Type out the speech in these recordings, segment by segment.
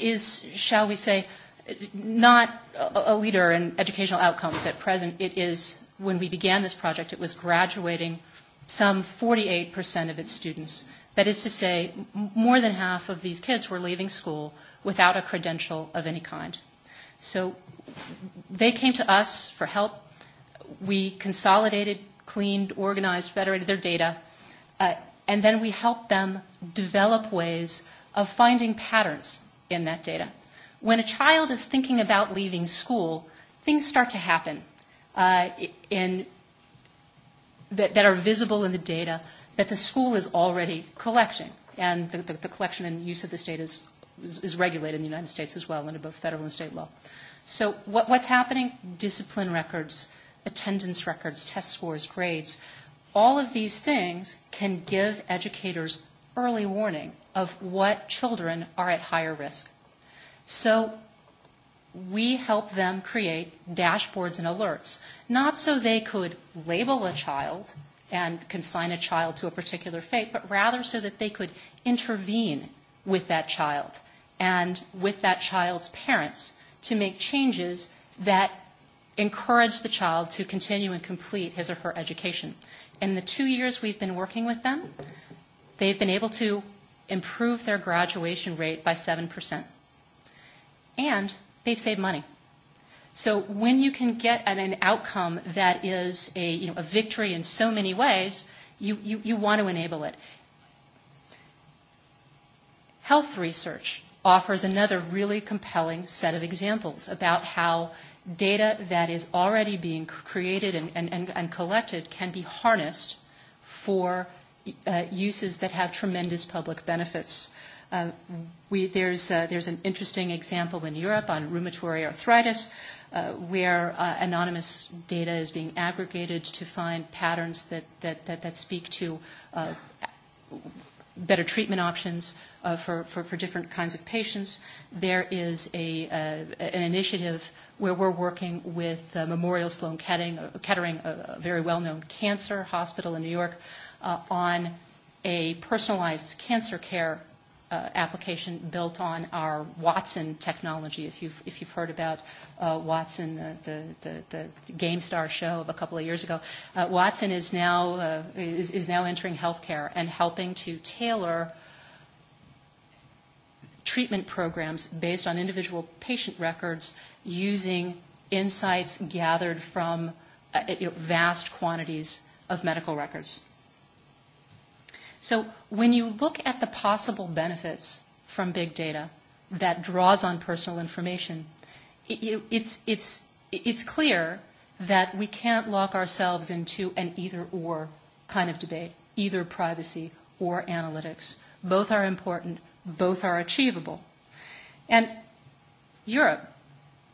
is, shall we say, not a leader in educational outcomes at present. It is, when we began this project, it was graduating some 48% of its students. That is to say, more than half of these kids were leaving school without a credential of any kind. So they came to us for help. We consolidated, cleaned, organized, federated their data, uh, and then we helped them develop ways of finding patterns in that data. When a child is thinking about leaving school, things start to happen uh, in, that, that are visible in the data that the school is already collecting. And the, the, the collection and use of this data is, is, is regulated in the United States as well under both federal and state law. So, what, what's happening? Discipline records, attendance records, test scores, grades. All of these things can give educators early warning of what children are at higher risk. So we help them create dashboards and alerts, not so they could label a child and consign a child to a particular fate, but rather so that they could intervene with that child and with that child's parents to make changes that encourage the child to continue and complete his or her education. In the two years we've been working with them, they've been able to improve their graduation rate by 7%. And they've saved money. So when you can get an, an outcome that is a, you know, a victory in so many ways, you, you, you want to enable it. Health research offers another really compelling set of examples about how data that is already being created and, and, and, and collected can be harnessed for uh, uses that have tremendous public benefits. Uh, we, there's, uh, there's an interesting example in Europe on rheumatoid arthritis uh, where uh, anonymous data is being aggregated to find patterns that, that, that, that speak to uh, better treatment options, uh, for, for, for different kinds of patients. There is a, uh, an initiative where we're working with uh, Memorial Sloan Kettering, uh, Kettering a, a very well known cancer hospital in New York, uh, on a personalized cancer care uh, application built on our Watson technology. If you've, if you've heard about uh, Watson, uh, the, the, the GameStar show of a couple of years ago, uh, Watson is now, uh, is, is now entering healthcare and helping to tailor treatment programs based on individual patient records using insights gathered from uh, you know, vast quantities of medical records. So, when you look at the possible benefits from big data that draws on personal information, it, it's, it's, it's clear that we can't lock ourselves into an either or kind of debate, either privacy or analytics. Both are important, both are achievable. And Europe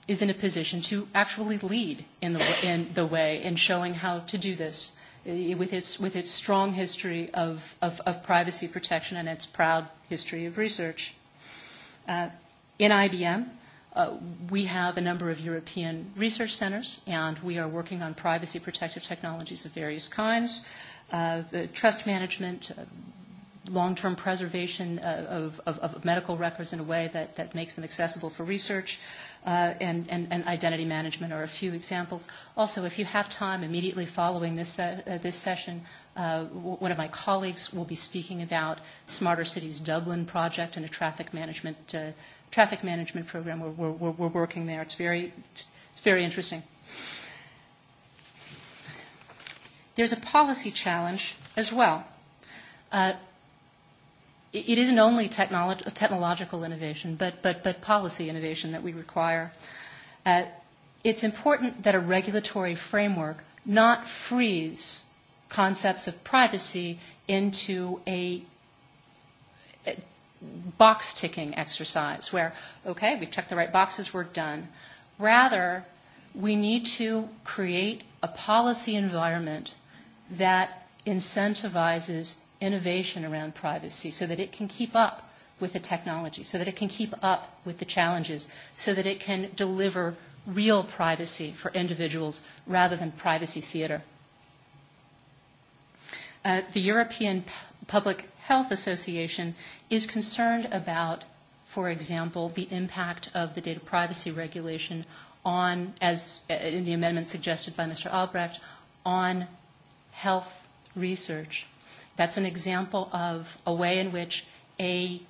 is in a position to actually lead in the, in the way in showing how to do this eh, with its, with its strong history of, of, of privacy protection and its proud history of research. Uh, in IBM, uh, we have a number of European research centers, and we are working on privacy protective technologies of various kinds, uh, the trust management. Uh, long-term preservation uh, of, of, of medical records in a way that, that makes them accessible for research. Uh, and, and, and identity management are a few examples. Also, if you have time immediately following this, uh, uh, this session, uh, w- one of my colleagues will be speaking about Smarter Cities Dublin project and a traffic management, uh, traffic management program. We're, we're, we're working there. It's very, it's very interesting. There's a policy challenge as well. Uh, it isn't only technolo- technological innovation, but, but, but policy innovation that we require. Uh, it's important that a regulatory framework not freeze concepts of privacy into a, a box ticking exercise where, okay, we've checked the right boxes, we're done. Rather, we need to create a policy environment that incentivizes innovation around privacy so that it can keep up with the technology, so that it can keep up with the challenges, so that it can deliver real privacy for individuals rather than privacy theater. Uh, the European P- Public Health Association is concerned about, for example, the impact of the data privacy regulation on, as uh, in the amendment suggested by Mr. Albrecht, on health research That's an example of a way in which a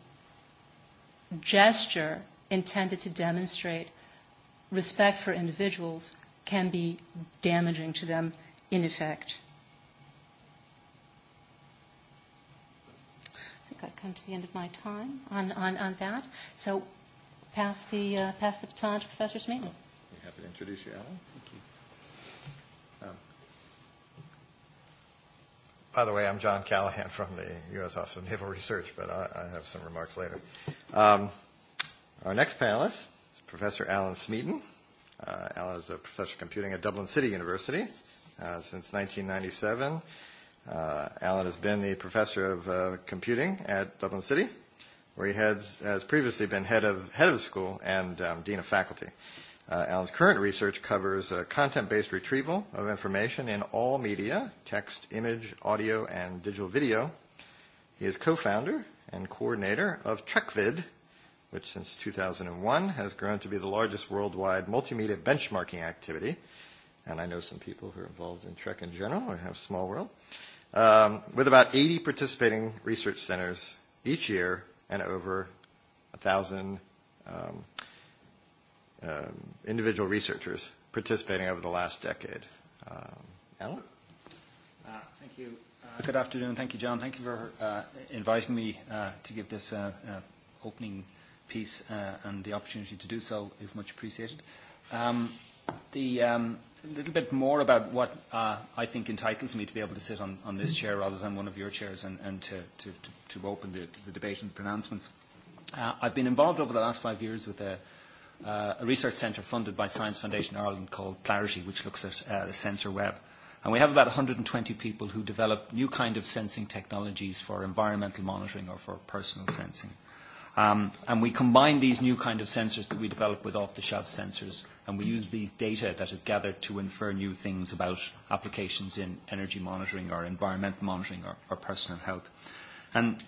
gesture intended to demonstrate respect for individuals can be damaging to them in effect. I think I've come to the end of my time on, on, on that. So pass the, uh, pass the baton to Professor Smeaton. Oh, happy to introduce you, Alan. By the way, I'm John Callahan from the U.S. Office of Naval Research, but I, I have some remarks later. Um, our next panelist is Professor Alan Smeaton. Uh, Alan is a professor of computing at Dublin City University uh, since 1997. Uh, Alan has been the professor of uh, computing at Dublin City, where he has, has previously been head of, head of the school and um, dean of faculty. Uh, Uh, Alan's current research covers uh, content-based retrieval of information in all media, text, image, audio, and digital video. He is co-founder and coordinator of TrekVid, which since 2001 has grown to be the largest worldwide multimedia benchmarking activity. And I know some people who are involved in Trek in general or have small world. Um, with about 80 participating research centers each year and over 1,000 um, uh, individual researchers participating over the last decade. Um, Alan? Uh, thank you. Uh, good afternoon. Thank you, John. Thank you for uh, inviting me uh, to give this uh, uh, opening piece, uh, and the opportunity to do so is much appreciated. Um, the um, a little bit more about what uh, I think entitles me to be able to sit on, on this chair rather than one of your chairs and, and to, to, to, to open the, the debate and pronouncements. Uh, I've been involved over the last five years with a, uh, uh, a research centre funded by Science Foundation Ireland called Clarity, which looks at uh, the sensor web. And we have about 120 people who develop new kind of sensing technologies for environmental monitoring or for personal sensing. Um, and we combine these new kind of sensors that we develop with off-the-shelf sensors, and we use these data that is gathered to infer new things about applications in energy monitoring or environmental monitoring or, or personal health. And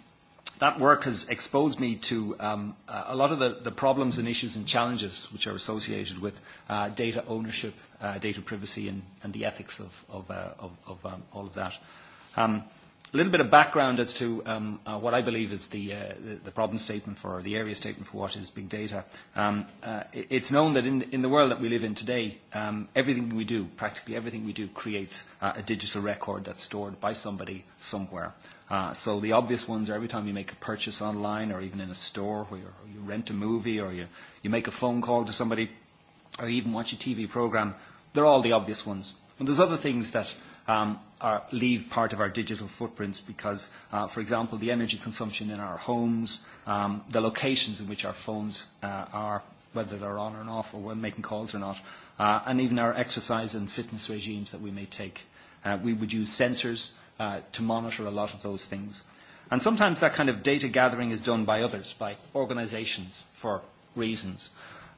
that work has exposed me to um, uh, a lot of the, the problems and issues and challenges which are associated with uh, data ownership, uh, data privacy, and, and the ethics of, of, uh, of, of um, all of that. Um, a little bit of background as to um, uh, what I believe is the, uh, the, the problem statement for, or the area statement for what is big data. Um, uh, it, it's known that in, in the world that we live in today, um, everything we do, practically everything we do, creates uh, a digital record that's stored by somebody somewhere. Uh, so the obvious ones are every time you make a purchase online or even in a store where you rent a movie or you, you make a phone call to somebody or even watch a TV program, they're all the obvious ones. And there's other things that um, are, leave part of our digital footprints because, uh, for example, the energy consumption in our homes, um, the locations in which our phones uh, are, whether they're on or off or when making calls or not, uh, and even our exercise and fitness regimes that we may take. Uh, we would use sensors. Uh, to monitor a lot of those things. And sometimes that kind of data gathering is done by others, by organizations for reasons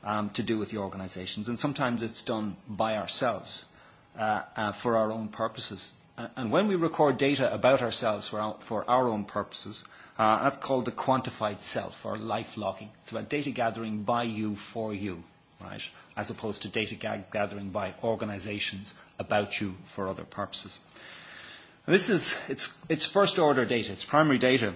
um, to do with the organizations. And sometimes it's done by ourselves uh, uh, for our own purposes. And when we record data about ourselves for our, for our own purposes, uh, that's called the quantified self or life logging. It's about data gathering by you for you, right? As opposed to data gathering by organizations about you for other purposes. And this is it's, it's first order data, it's primary data.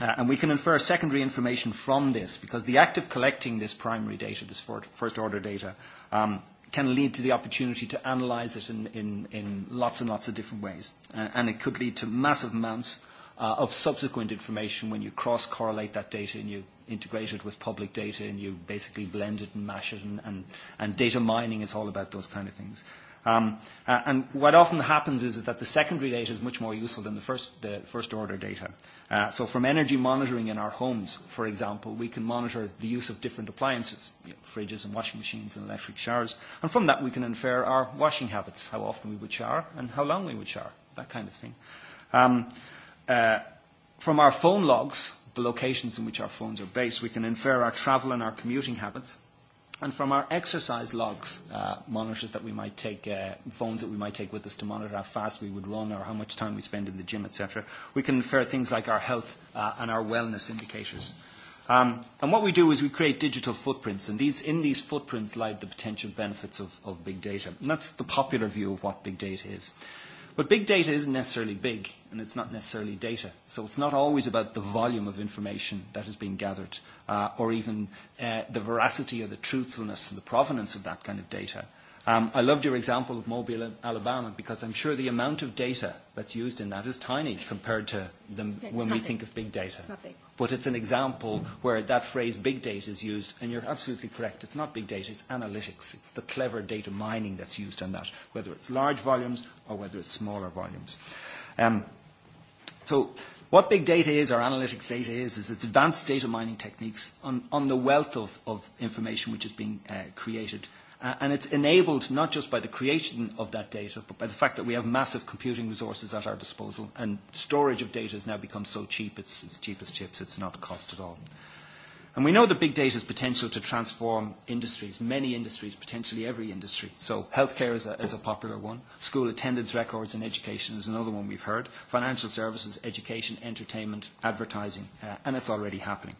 Uh, and we can infer secondary information from this because the act of collecting this primary data, this first order data, um, can lead to the opportunity to analyze it in, in, in lots and lots of different ways. Uh, and it could lead to massive amounts uh, of subsequent information when you cross correlate that data and you integrate it with public data and you basically blend it and mash it. And, and, and data mining is all about those kind of things. Uh, Um, uh, and what often happens is, is that the secondary data is much more useful than the first, the first order data. Uh, so from energy monitoring in our homes, for example, we can monitor the use of different appliances, you know, fridges and washing machines and electric showers. And from that, we can infer our washing habits, how often we would shower and how long we would shower, that kind of thing. Um, uh, from our phone logs, the locations in which our phones are based, we can infer our travel and our commuting habits, And from our exercise logs, uh, monitors that we might take, uh, phones that we might take with us to monitor how fast we would run or how much time we spend in the gym, etc., we can infer things like our health uh, and our wellness indicators. Um, and what we do is we create digital footprints, and these, in these footprints lie the potential benefits of, of big data. And that's the popular view of what big data is. But big data isn't necessarily big, and it's not necessarily data. So it's not always about the volume of information that has been gathered, uh, or even uh, the veracity or the truthfulness and the provenance of that kind of data. Um, I loved your example of Mobile, Alabama, because I'm sure the amount of data that's used in that is tiny compared to the, when we big. think of big data. It's not big. But it's an example where that phrase big data is used, and you're absolutely correct. It's not big data, it's analytics. It's the clever data mining that's used on that, whether it's large volumes or whether it's smaller volumes. Um, so what big data is, or analytics data is, is it's advanced data mining techniques on, on the wealth of, of information which is being uh, created. Uh, and it's enabled not just by the creation of that data, but by the fact that we have massive computing resources at our disposal, and storage of data has now become so cheap, it's, it's cheap as chips, it's not cost at all. And we know that big data's potential to transform industries, many industries, potentially every industry. So healthcare is a, is a popular one. School attendance records and education is another one we've heard. Financial services, education, entertainment, advertising, uh, and it's already happening.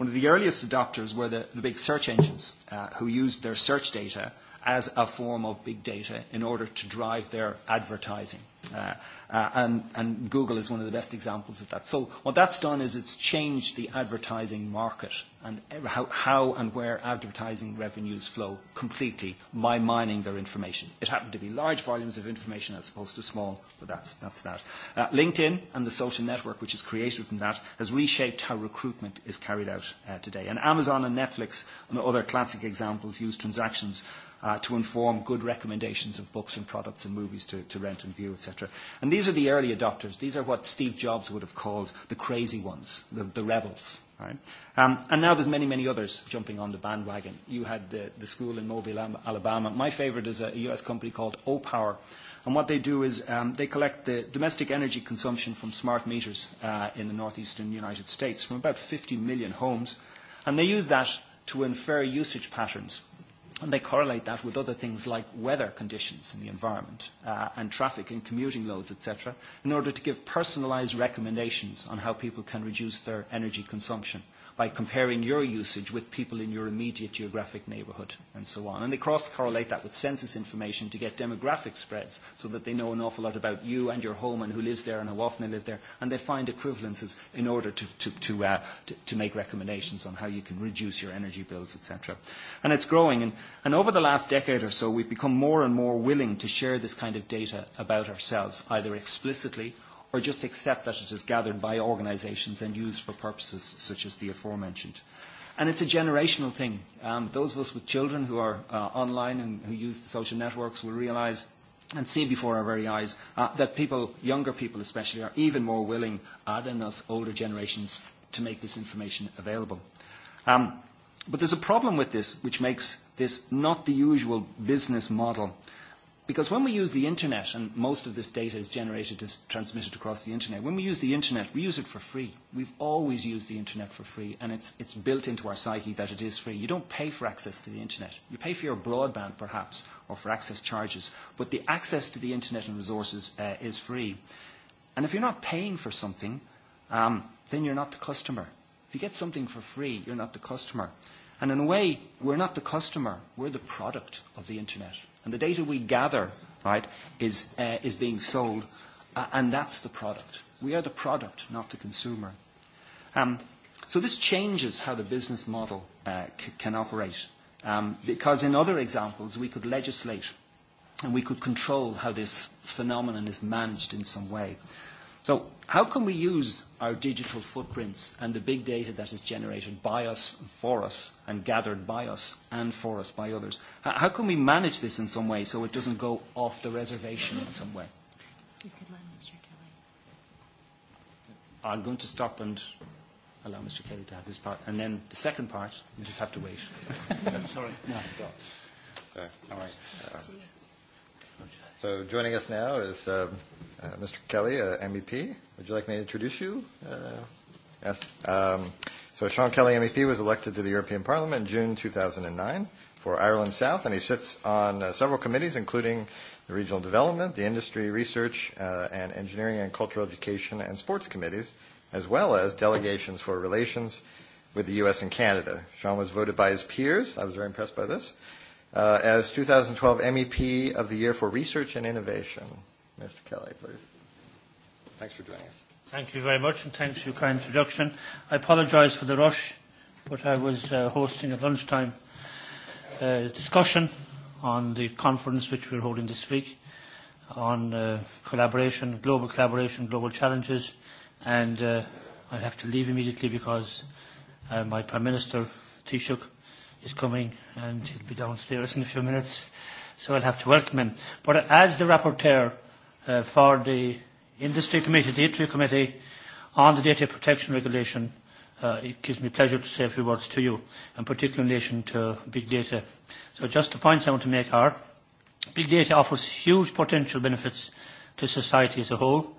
One of the earliest adopters were the, the big search engines uh, who used their search data as a form of big data in order to drive their advertising. Uh, uh, and, and Google is one of the best examples of that. So what that's done is it's changed the advertising market and how, how and where advertising revenues flow completely by mining their information. It happened to be large volumes of information as opposed to small, but that's, that's that. Uh, LinkedIn and the social network, which is created from that, has reshaped how recruitment is carried out uh, today. And Amazon and Netflix and other classic examples use transactions uh, uh, to inform good recommendations of books and products and movies to, to rent and view, etc. And these are the early adopters. These are what Steve Jobs would have called the crazy ones, the, the rebels. Right. Um, and now there's many, many others jumping on the bandwagon. You had the, the school in Mobile, Alabama. My favorite is a U.S. company called O-Power. And what they do is um, they collect the domestic energy consumption from smart meters uh, in the northeastern United States from about 50 million homes. And they use that to infer usage patterns And they correlate that with other things like weather conditions in the environment uh, and traffic and commuting loads, etc., in order to give personalized recommendations on how people can reduce their energy consumption by comparing your usage with people in your immediate geographic neighborhood and so on. And they cross correlate that with census information to get demographic spreads so that they know an awful lot about you and your home and who lives there and how often they live there. And they find equivalences in order to, to, to, uh, to, to make recommendations on how you can reduce your energy bills, etc. And it's growing. And, and over the last decade or so, we've become more and more willing to share this kind of data about ourselves, either explicitly or just accept that it is gathered by organisations and used for purposes such as the aforementioned. And it's a generational thing. Um, those of us with children who are uh, online and who use the social networks will realise and see before our very eyes uh, that people, younger people especially, are even more willing uh, than us older generations to make this information available. Um, but there's a problem with this which makes this not the usual business model. Because when we use the internet, and most of this data is generated, is transmitted across the internet, when we use the internet, we use it for free. We've always used the internet for free, and it's, it's built into our psyche that it is free. You don't pay for access to the internet. You pay for your broadband, perhaps, or for access charges, but the access to the internet and resources uh, is free. And if you're not paying for something, um, then you're not the customer. If you get something for free, you're not the customer. And in a way, we're not the customer, we're the product of the internet. And the data we gather right, is, uh, is being sold, uh, and that's the product. We are the product, not the consumer. Um, so this changes how the business model uh, c- can operate, um, because in other examples, we could legislate and we could control how this phenomenon is managed in some way. So How can we use our digital footprints and the big data that is generated by us, for us, and gathered by us, and for us, by others? How can we manage this in some way so it doesn't go off the reservation in some way? I'm going to stop and allow Mr. Kelly to have his part. And then the second part, you just have to wait. Sorry. No. Uh, all right. Uh, so joining us now is... Uh, Uh, Mr. Kelly, uh, MEP, would you like me to introduce you? Uh, yes. Um, so Sean Kelly, MEP, was elected to the European Parliament in June 2009 for Ireland South, and he sits on uh, several committees, including the Regional Development, the Industry, Research, uh, and Engineering and Cultural Education and Sports Committees, as well as delegations for relations with the U.S. and Canada. Sean was voted by his peers. I was very impressed by this. Uh, as 2012 MEP of the Year for Research and Innovation. Mr. Kelly, please. Thanks for joining us. Thank you very much, and thanks for your kind introduction. I apologize for the rush, but I was uh, hosting a lunchtime uh, discussion on the conference which we're holding this week on uh, collaboration, global collaboration, global challenges, and uh, I have to leave immediately because uh, my Prime Minister, Taoiseach, is coming and he'll be downstairs in a few minutes, so I'll have to welcome him. But as the rapporteur, uh, for the industry committee, the ITRI committee, on the data protection regulation. Uh, it gives me pleasure to say a few words to you, in particular in relation to big data. So just the points I want to make are, big data offers huge potential benefits to society as a whole.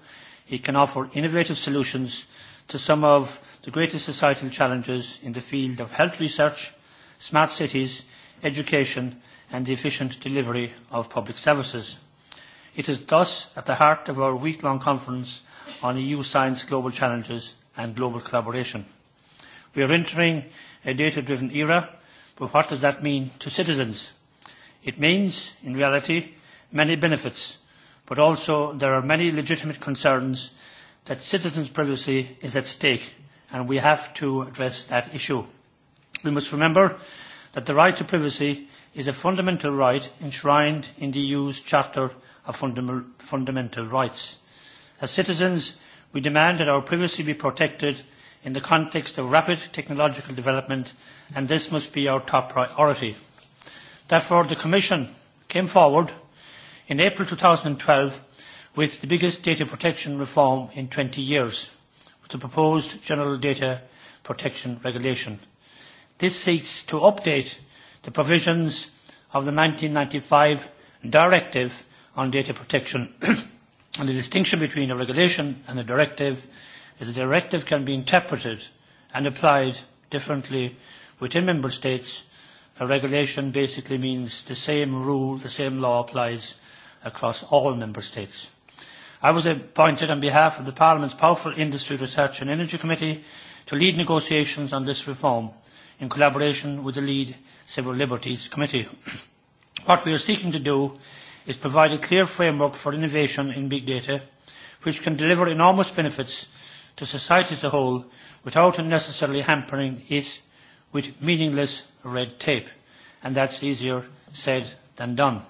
It can offer innovative solutions to some of the greatest societal challenges in the field of health research, smart cities, education, and the efficient delivery of public services. It is thus at the heart of our week-long conference on EU science global challenges and global collaboration. We are entering a data-driven era, but what does that mean to citizens? It means, in reality, many benefits, but also there are many legitimate concerns that citizens' privacy is at stake, and we have to address that issue. We must remember that the right to privacy is a fundamental right enshrined in the EU's Charter of fundam fundamental rights. As citizens, we demand that our privacy be protected in the context of rapid technological development, and this must be our top priority. Therefore, the Commission came forward in April 2012 with the biggest data protection reform in 20 years, with the proposed General Data Protection Regulation. This seeks to update the provisions of the 1995 Directive on data protection. and the distinction between a regulation and a directive is the directive can be interpreted and applied differently within member states. A regulation basically means the same rule, the same law applies across all member states. I was appointed on behalf of the Parliament's Powerful Industry Research and Energy Committee to lead negotiations on this reform in collaboration with the lead Civil Liberties Committee. what we are seeking to do is provide a clear framework for innovation in big data which can deliver enormous benefits to society as a whole without unnecessarily hampering it with meaningless red tape. And that's easier said than done,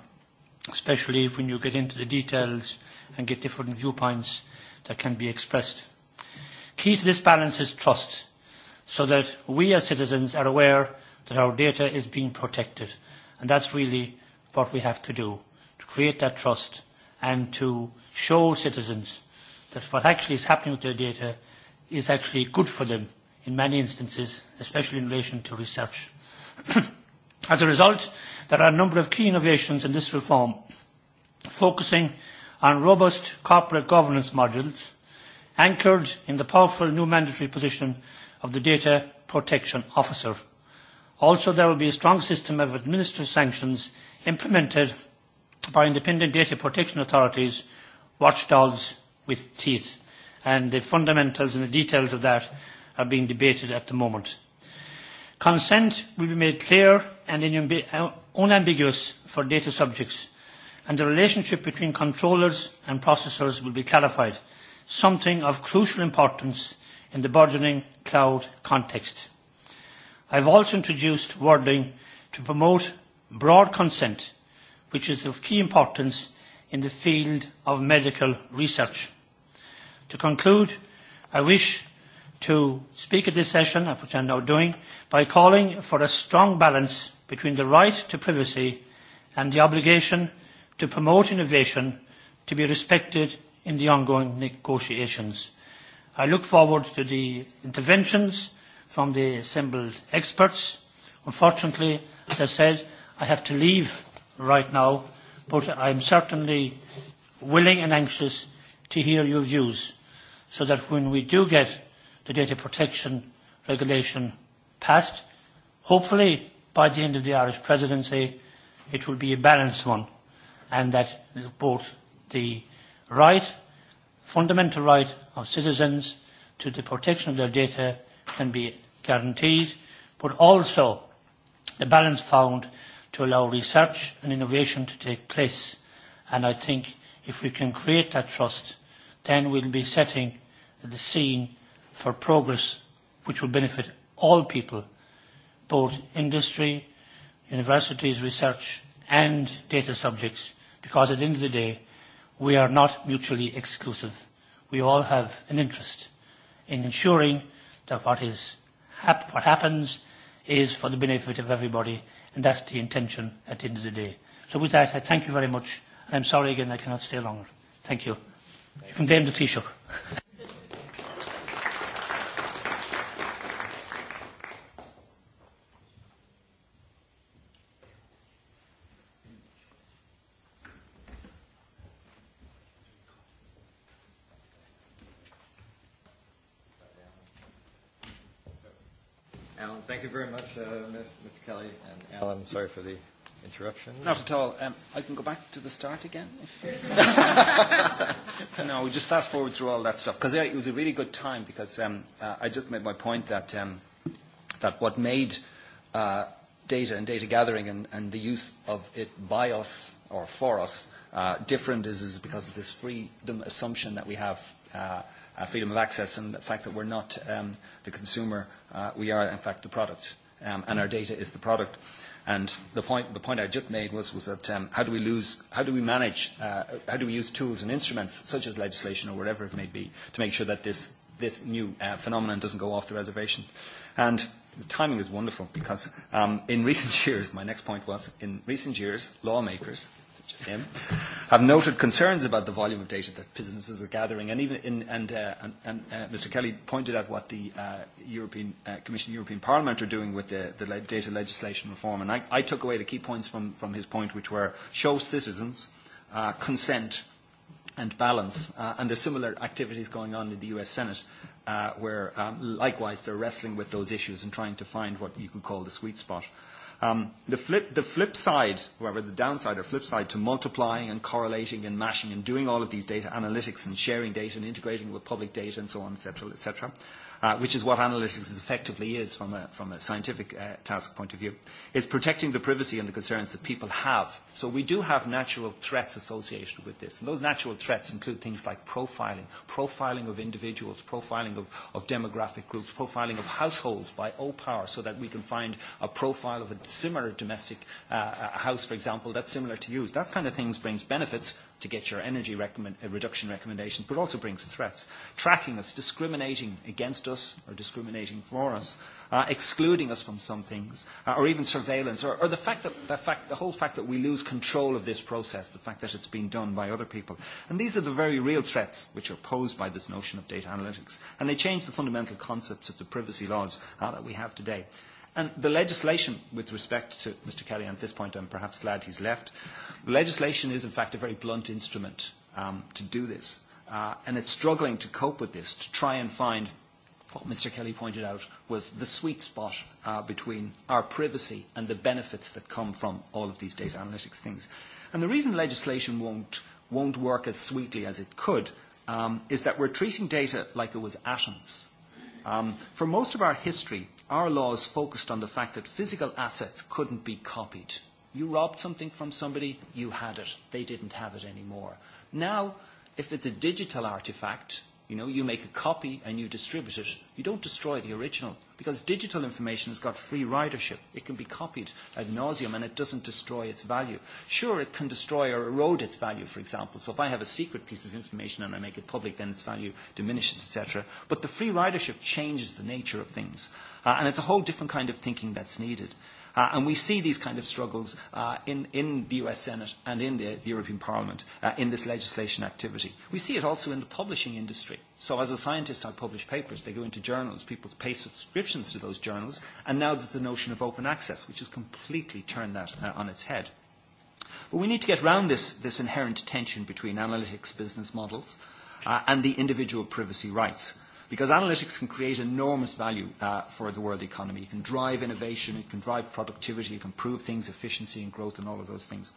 especially when you get into the details and get different viewpoints that can be expressed. Key to this balance is trust, so that we as citizens are aware that our data is being protected. And that's really what we have to do create that trust and to show citizens that what actually is happening with their data is actually good for them in many instances, especially in relation to research. As a result, there are a number of key innovations in this reform, focusing on robust corporate governance modules anchored in the powerful new mandatory position of the data protection officer. Also, there will be a strong system of administrative sanctions implemented by independent data protection authorities watchdogs with teeth and the fundamentals and the details of that are being debated at the moment. Consent will be made clear and uh, unambiguous for data subjects and the relationship between controllers and processors will be clarified, something of crucial importance in the burgeoning cloud context. I have also introduced wording to promote broad consent which is of key importance in the field of medical research. To conclude, I wish to speak at this session, which I'm now doing, by calling for a strong balance between the right to privacy and the obligation to promote innovation to be respected in the ongoing negotiations. I look forward to the interventions from the assembled experts. Unfortunately, as I said, I have to leave right now, but I'm certainly willing and anxious to hear your views so that when we do get the data protection regulation passed, hopefully by the end of the Irish presidency, it will be a balanced one and that both the right, fundamental right of citizens to the protection of their data can be guaranteed, but also the balance found to allow research and innovation to take place. And I think if we can create that trust, then we'll be setting the scene for progress which will benefit all people, both industry, universities, research and data subjects, because at the end of the day, we are not mutually exclusive. We all have an interest in ensuring that what, is, hap what happens is for the benefit of everybody, and that's the intention at the end of the day. So with that, I thank you very much. I'm sorry again I cannot stay longer. Thank you. Thank you. you can blame the Taoiseach. sorry for the interruption. Not at all. Um, I can go back to the start again. If no, we just fast forward through all that stuff because yeah, it was a really good time because um, uh, I just made my point that um, that what made uh, data and data gathering and, and the use of it by us or for us uh, different is, is because of this freedom assumption that we have. Uh, uh, freedom of access and the fact that we're not um, the consumer, uh, we are in fact the product, um, and our data is the product. Uh, And the point, the point I just made was, was that um, how do we lose, how do we manage, uh, how do we use tools and instruments such as legislation or whatever it may be to make sure that this, this new uh, phenomenon doesn't go off the reservation. And the timing is wonderful because um, in recent years, my next point was, in recent years, lawmakers, just him, have noted concerns about the volume of data that businesses are gathering. And even in, and, uh, and, and uh, Mr. Kelly pointed out what the uh, European uh, Commission, European Parliament are doing with the, the data legislation reform. And I, I took away the key points from, from his point, which were show citizens uh, consent and balance. Uh, and there's similar activities going on in the US Senate. Uh, where um, likewise they're wrestling with those issues and trying to find what you could call the sweet spot. Um, the, flip, the flip side, whatever the downside or flip side to multiplying and correlating and mashing and doing all of these data analytics and sharing data and integrating with public data and so on, et cetera, et cetera. Uh, which is what analytics is effectively is from a, from a scientific uh, task point of view, is protecting the privacy and the concerns that people have. So we do have natural threats associated with this. And those natural threats include things like profiling, profiling of individuals, profiling of, of demographic groups, profiling of households by OPOWER so that we can find a profile of a similar domestic uh, a uh, house, for example, that's similar to you. That kind of things brings benefits, to get your energy recommend, uh, reduction recommendations, but also brings threats. Tracking us, discriminating against us or discriminating for us, uh, excluding us from some things, uh, or even surveillance, or, or the, fact that, the, fact, the whole fact that we lose control of this process, the fact that it's been done by other people. And these are the very real threats which are posed by this notion of data analytics. And they change the fundamental concepts of the privacy laws uh, that we have today. And the legislation, with respect to Mr. Kelly, and at this point I'm perhaps glad he's left, the legislation is in fact a very blunt instrument um, to do this. Uh, and it's struggling to cope with this, to try and find what Mr. Kelly pointed out was the sweet spot uh, between our privacy and the benefits that come from all of these data analytics things. And the reason legislation won't, won't work as sweetly as it could um, is that we're treating data like it was atoms. Um, for most of our history, our laws focused on the fact that physical assets couldn't be copied. You robbed something from somebody, you had it. They didn't have it anymore. Now, if it's a digital artifact, you know, you make a copy and you distribute it, you don't destroy the original because digital information has got free ridership. It can be copied ad nauseum and it doesn't destroy its value. Sure, it can destroy or erode its value, for example. So if I have a secret piece of information and I make it public, then its value diminishes, etc. But the free ridership changes the nature of things. Uh, and it's a whole different kind of thinking that's needed. Uh, and we see these kind of struggles uh, in, in the US Senate and in the European Parliament uh, in this legislation activity. We see it also in the publishing industry. So as a scientist, I publish papers. They go into journals. People pay subscriptions to those journals. And now there's the notion of open access, which has completely turned that uh, on its head. But we need to get around this, this inherent tension between analytics business models uh, and the individual privacy rights. Uh, because analytics can create enormous value uh, for the world economy. It can drive innovation, it can drive productivity, it can prove things, efficiency and growth and all of those things.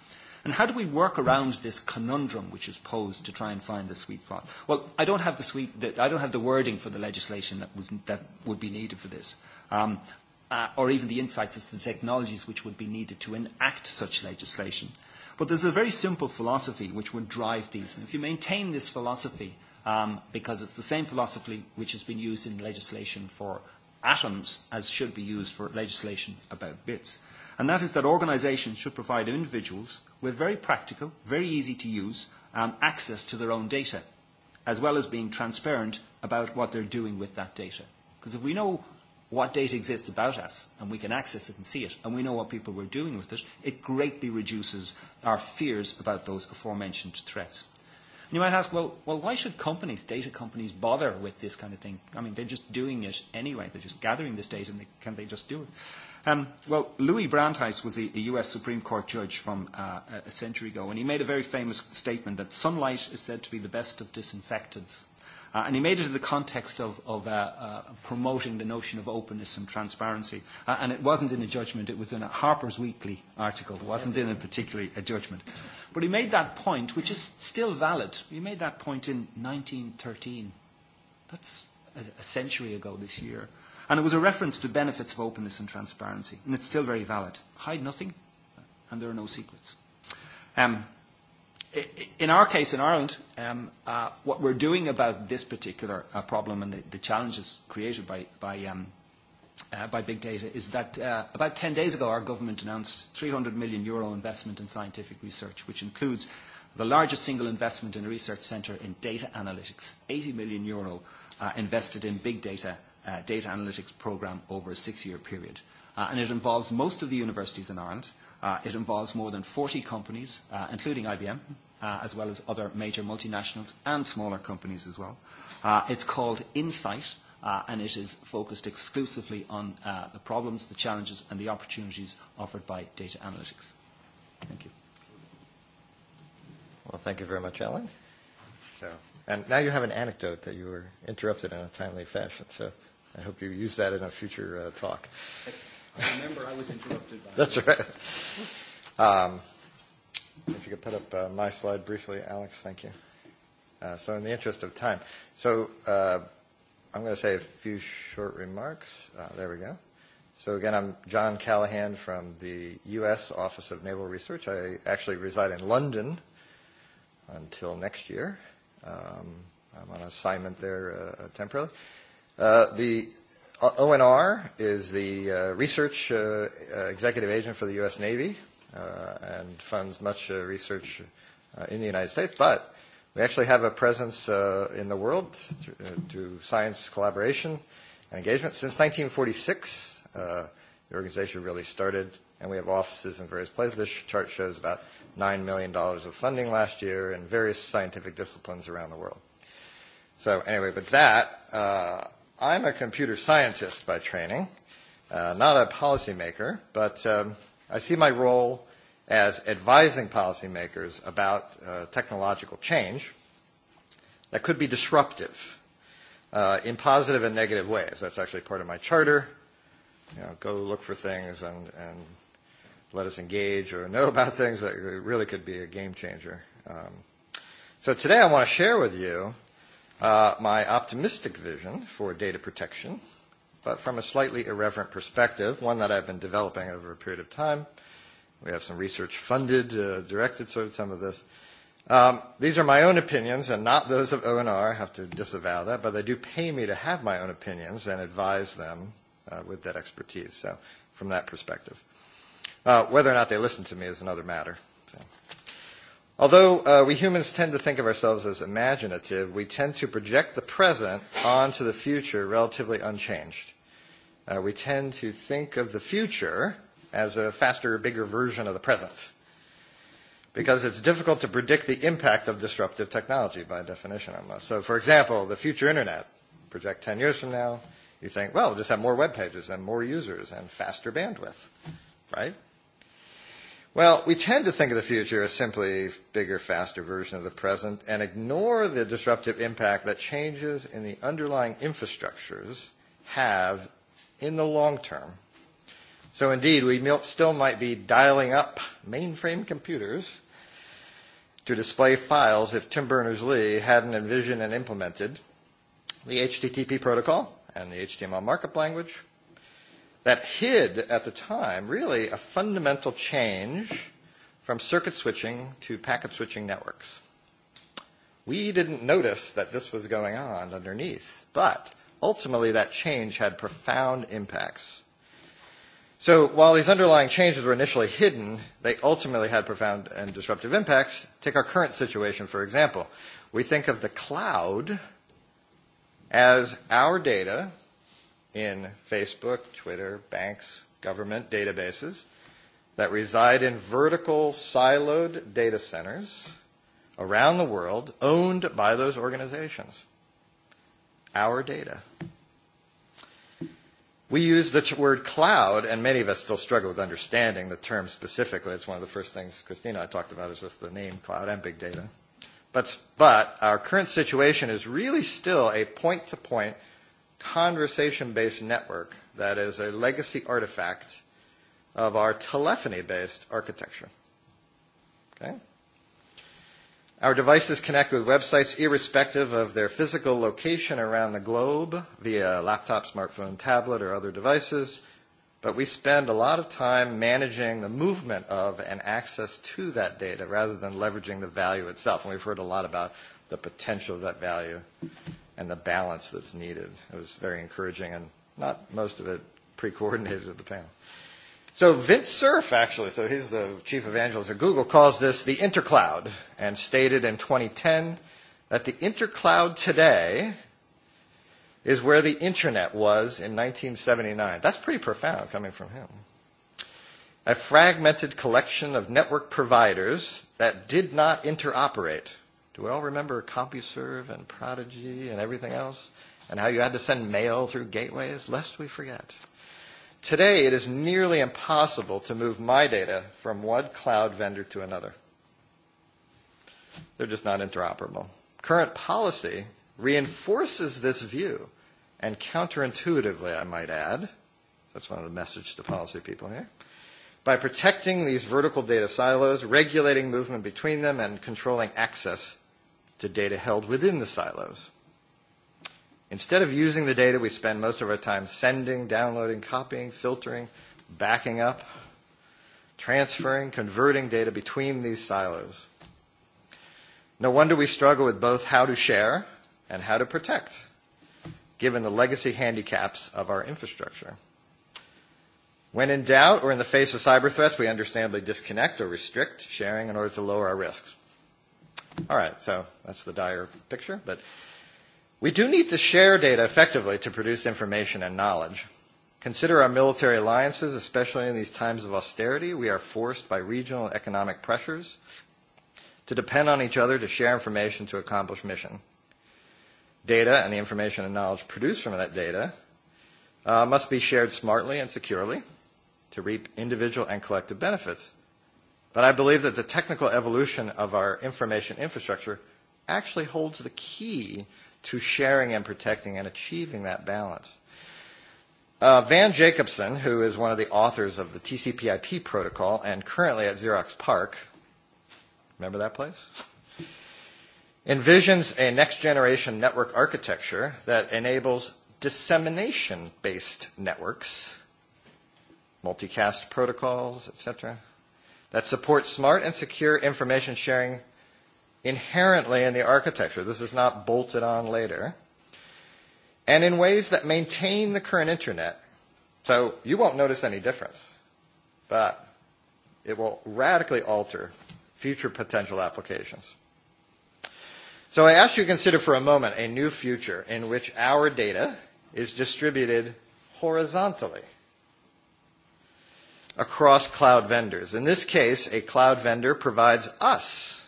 And how do we work around this conundrum which is posed to try and find the sweet spot? Well, I don't have the, sweet, the, I don't have the wording for the legislation that, was, that would be needed for this, um, uh, or even the insights as the technologies which would be needed to enact such legislation. But there's a very simple philosophy which would drive these. And if you maintain this philosophy, um, because it's the same philosophy which has been used in legislation for atoms as should be used for legislation about bits. And that is that organizations should provide individuals with very practical, very easy to use um, access to their own data, as well as being transparent about what they're doing with that data. Because if we know what data exists about us and we can access it and see it and we know what people were doing with it, it greatly reduces our fears about those aforementioned threats. You might ask, well, well, why should companies, data companies, bother with this kind of thing? I mean, they're just doing it anyway. They're just gathering this data, and they, can they just do it? Um, well, Louis Brandeis was a, a U.S. Supreme Court judge from uh, a century ago, and he made a very famous statement that sunlight is said to be the best of disinfectants. Uh, and he made it in the context of, of uh, uh, promoting the notion of openness and transparency. Uh, and it wasn't in a judgment, it was in a Harper's Weekly article. It wasn't in a particularly a judgment. But he made that point, which is still valid. He made that point in 1913. That's a, a century ago this year. And it was a reference to benefits of openness and transparency. And it's still very valid. Hide nothing, and there are no secrets. Um, in our case in Ireland, um, uh, what we're doing about this particular uh, problem and the, the challenges created by, by um, uh, by big data is that uh, about 10 days ago, our government announced 300 million euro investment in scientific research, which includes the largest single investment in a research centre in data analytics, 80 million euro uh, invested in big data, uh, data analytics programme over a six-year period. Uh, and it involves most of the universities in Ireland. Uh, it involves more than 40 companies, uh, including IBM, uh, as well as other major multinationals and smaller companies as well. Uh, it's called Insight, uh, uh, and it is focused exclusively on uh, the problems, the challenges, and the opportunities offered by data analytics. Thank you. Well, thank you very much, Alan. So, and now you have an anecdote that you were interrupted in a timely fashion, so I hope you use that in a future uh, talk. I remember I was interrupted by That's right. Um, if you could put up uh, my slide briefly, Alex, thank you. Uh, so, in the interest of time, so uh, I'm going to say a few short remarks. Uh, there we go. So again, I'm John Callahan from the U.S. Office of Naval Research. I actually reside in London until next year. Um, I'm on assignment there uh, temporarily. Uh, the ONR is the uh, research uh, uh executive agent for the U.S. Navy uh, and funds much uh, research uh, in the United States, but We actually have a presence uh, in the world through, uh, through science collaboration and engagement. Since 1946, uh, the organization really started, and we have offices in various places. This chart shows about $9 million of funding last year in various scientific disciplines around the world. So anyway, with that, uh, I'm a computer scientist by training, uh, not a policymaker, but um, I see my role – as advising policymakers about uh, technological change that could be disruptive uh, in positive and negative ways. That's actually part of my charter. You know, go look for things and, and let us engage or know about things that really could be a game changer. Um, so today I want to share with you uh, my optimistic vision for data protection, but from a slightly irreverent perspective, one that I've been developing over a period of time we have some research funded, uh, directed sort of some of this. Um, these are my own opinions and not those of ONR. I have to disavow that, but they do pay me to have my own opinions and advise them uh, with that expertise. So, from that perspective, uh, whether or not they listen to me is another matter. So. Although uh, we humans tend to think of ourselves as imaginative, we tend to project the present onto the future relatively unchanged. Uh, we tend to think of the future as a faster, bigger version of the present. Because it's difficult to predict the impact of disruptive technology by definition. So, for example, the future internet, project 10 years from now, you think, well, we'll just have more web pages and more users and faster bandwidth, right? Well, we tend to think of the future as simply a bigger, faster version of the present and ignore the disruptive impact that changes in the underlying infrastructures have in the long term So indeed, we still might be dialing up mainframe computers to display files if Tim Berners-Lee hadn't envisioned and implemented the HTTP protocol and the HTML markup language that hid at the time really a fundamental change from circuit switching to packet switching networks. We didn't notice that this was going on underneath, but ultimately that change had profound impacts. So while these underlying changes were initially hidden, they ultimately had profound and disruptive impacts. Take our current situation, for example. We think of the cloud as our data in Facebook, Twitter, banks, government databases that reside in vertical siloed data centers around the world owned by those organizations. Our data. We use the word cloud, and many of us still struggle with understanding the term specifically. It's one of the first things Christina and I talked about is just the name cloud and big data. But, but our current situation is really still a point-to-point conversation-based network that is a legacy artifact of our telephony-based architecture. Okay? Our devices connect with websites irrespective of their physical location around the globe via laptop, smartphone, tablet, or other devices, but we spend a lot of time managing the movement of and access to that data rather than leveraging the value itself. And we've heard a lot about the potential of that value and the balance that's needed. It was very encouraging and not most of it pre-coordinated at the panel. So Vince Cerf, actually, so he's the chief evangelist at Google, calls this the intercloud and stated in 2010 that the intercloud today is where the internet was in 1979. That's pretty profound coming from him. A fragmented collection of network providers that did not interoperate. Do we all remember CompuServe and Prodigy and everything else? And how you had to send mail through gateways, lest we forget. Today, it is nearly impossible to move my data from one cloud vendor to another. They're just not interoperable. Current policy reinforces this view, and counterintuitively, I might add, that's one of the messages to policy people here, by protecting these vertical data silos, regulating movement between them, and controlling access to data held within the silos. Instead of using the data we spend most of our time sending, downloading, copying, filtering, backing up, transferring, converting data between these silos, no wonder we struggle with both how to share and how to protect, given the legacy handicaps of our infrastructure. When in doubt or in the face of cyber threats, we understandably disconnect or restrict sharing in order to lower our risks. All right, so that's the dire picture, but We do need to share data effectively to produce information and knowledge. Consider our military alliances, especially in these times of austerity. We are forced by regional economic pressures to depend on each other to share information to accomplish mission. Data and the information and knowledge produced from that data uh, must be shared smartly and securely to reap individual and collective benefits. But I believe that the technical evolution of our information infrastructure actually holds the key to sharing and protecting and achieving that balance. Uh, Van Jacobson, who is one of the authors of the TCPIP protocol and currently at Xerox Park, remember that place? Envisions a next generation network architecture that enables dissemination based networks, multicast protocols, etc., that support smart and secure information sharing inherently in the architecture. This is not bolted on later. And in ways that maintain the current internet, so you won't notice any difference, but it will radically alter future potential applications. So I ask you to consider for a moment a new future in which our data is distributed horizontally across cloud vendors. In this case, a cloud vendor provides us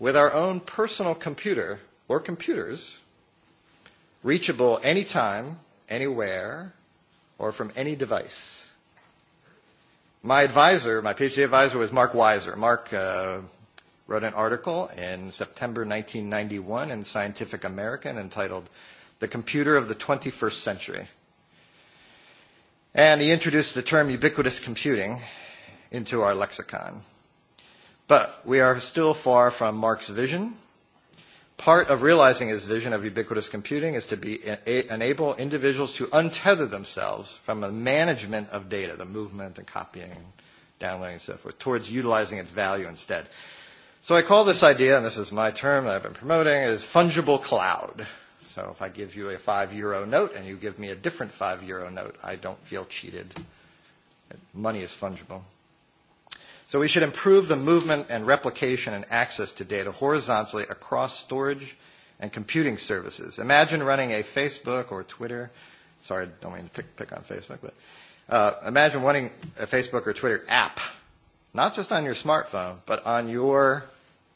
with our own personal computer or computers, reachable anytime, anywhere, or from any device. My advisor, my PhD advisor, was Mark Weiser. Mark uh, wrote an article in September 1991 in Scientific American entitled The Computer of the 21st Century. And he introduced the term ubiquitous computing into our lexicon. But we are still far from Mark's vision. Part of realizing his vision of ubiquitous computing is to be, enable individuals to untether themselves from the management of data, the movement and copying, downloading, and so forth, towards utilizing its value instead. So I call this idea, and this is my term that I've been promoting, is fungible cloud. So if I give you a five euro note and you give me a different five euro note, I don't feel cheated. Money is fungible. So we should improve the movement and replication and access to data horizontally across storage and computing services. Imagine running a Facebook or Twitter. Sorry, I don't mean to pick, pick on Facebook, but uh, imagine running a Facebook or Twitter app, not just on your smartphone, but on your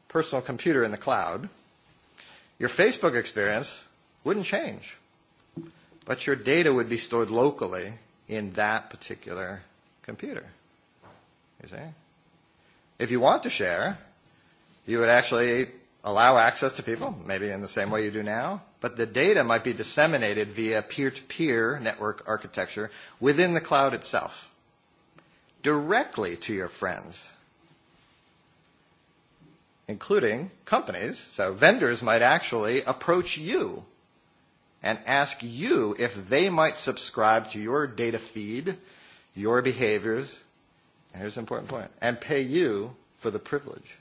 personal computer in the cloud. Your Facebook experience wouldn't change, but your data would be stored locally in that particular computer. You see? if you want to share, you would actually allow access to people, maybe in the same way you do now, but the data might be disseminated via peer-to-peer network architecture within the cloud itself, directly to your friends, including companies. So vendors might actually approach you and ask you if they might subscribe to your data feed, your behaviors, And here's an important point. And pay you for the privilege.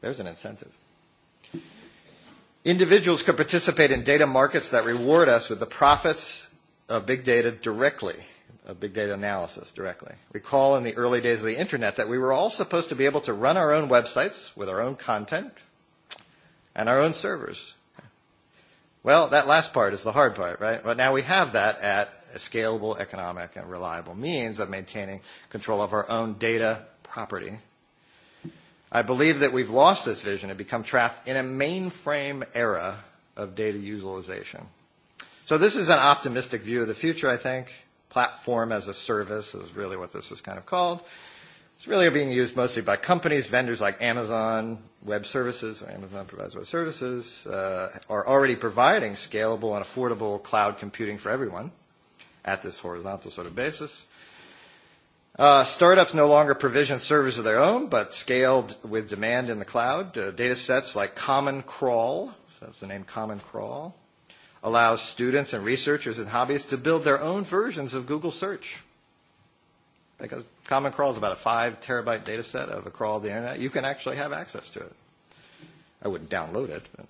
There's an incentive. Individuals could participate in data markets that reward us with the profits of big data directly, of big data analysis directly. Recall in the early days of the internet that we were all supposed to be able to run our own websites with our own content and our own servers Well, that last part is the hard part, right? But now we have that at a scalable, economic, and reliable means of maintaining control of our own data property. I believe that we've lost this vision and become trapped in a mainframe era of data utilization. So this is an optimistic view of the future, I think. Platform as a service is really what this is kind of called. It's really being used mostly by companies, vendors like Amazon, web services, or Amazon provides web services, uh, are already providing scalable and affordable cloud computing for everyone at this horizontal sort of basis. Uh, startups no longer provision servers of their own, but scaled with demand in the cloud. Uh, data sets like Common Crawl, so that's the name Common Crawl, allows students and researchers and hobbyists to build their own versions of Google Search like a common crawl is about a five terabyte data set of a crawl of the internet. You can actually have access to it. I wouldn't download it. But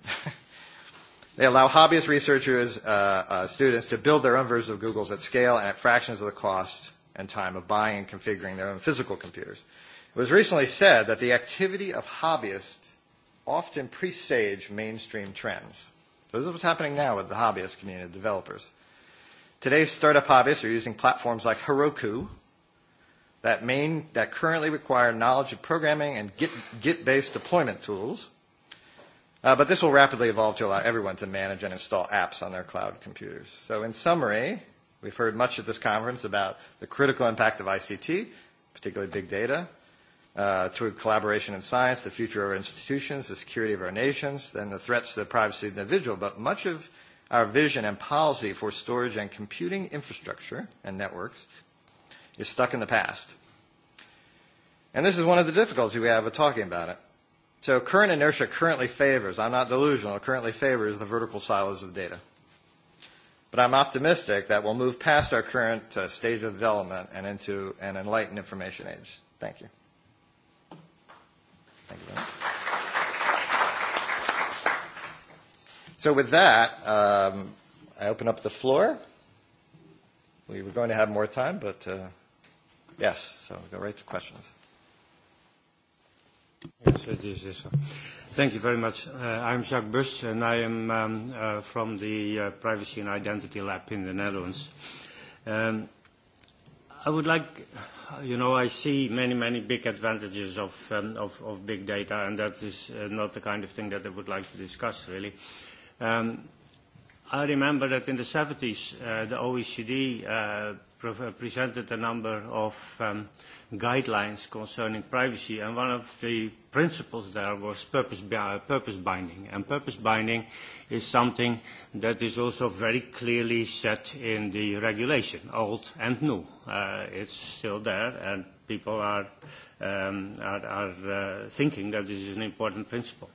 they allow hobbyist researchers, uh, uh, students to build their own versions of Google's at scale and at fractions of the cost and time of buying and configuring their own physical computers. It was recently said that the activity of hobbyists often presage mainstream trends. So this is what's happening now with the hobbyist community of developers. Today's startup hobbyists are using platforms like Heroku, that main that currently require knowledge of programming and Git Git-based deployment tools. Uh, but this will rapidly evolve to allow everyone to manage and install apps on their cloud computers. So, in summary, we've heard much at this conference about the critical impact of ICT, particularly big data, uh, to collaboration in science, the future of our institutions, the security of our nations, then the threats to the privacy of the individual. But much of our vision and policy for storage and computing infrastructure and networks is stuck in the past. And this is one of the difficulties we have with talking about it. So current inertia currently favors, I'm not delusional, currently favors the vertical silos of data. But I'm optimistic that we'll move past our current uh, stage of development and into an enlightened information age. Thank you. Thank you very much. So with that, um, I open up the floor. We were going to have more time, but. Uh Yes, so go right to questions. Yes, it is, yes, sir. Thank you very much. Uh, I'm Jacques Bus, and I am um, uh, from the uh, Privacy and Identity Lab in the Netherlands. Um, I would like, you know, I see many, many big advantages of, um, of, of big data, and that is uh, not the kind of thing that I would like to discuss, really. Um, I remember that in the 70s, uh, the OECD uh, Uh, presented a number of um, guidelines concerning privacy, and one of the principles there was purpose, bi- uh, purpose binding. And purpose binding is something that is also very clearly set in the regulation, old and new. Uh, it's still there, and people are, um, are, are uh, thinking that this is an important principle.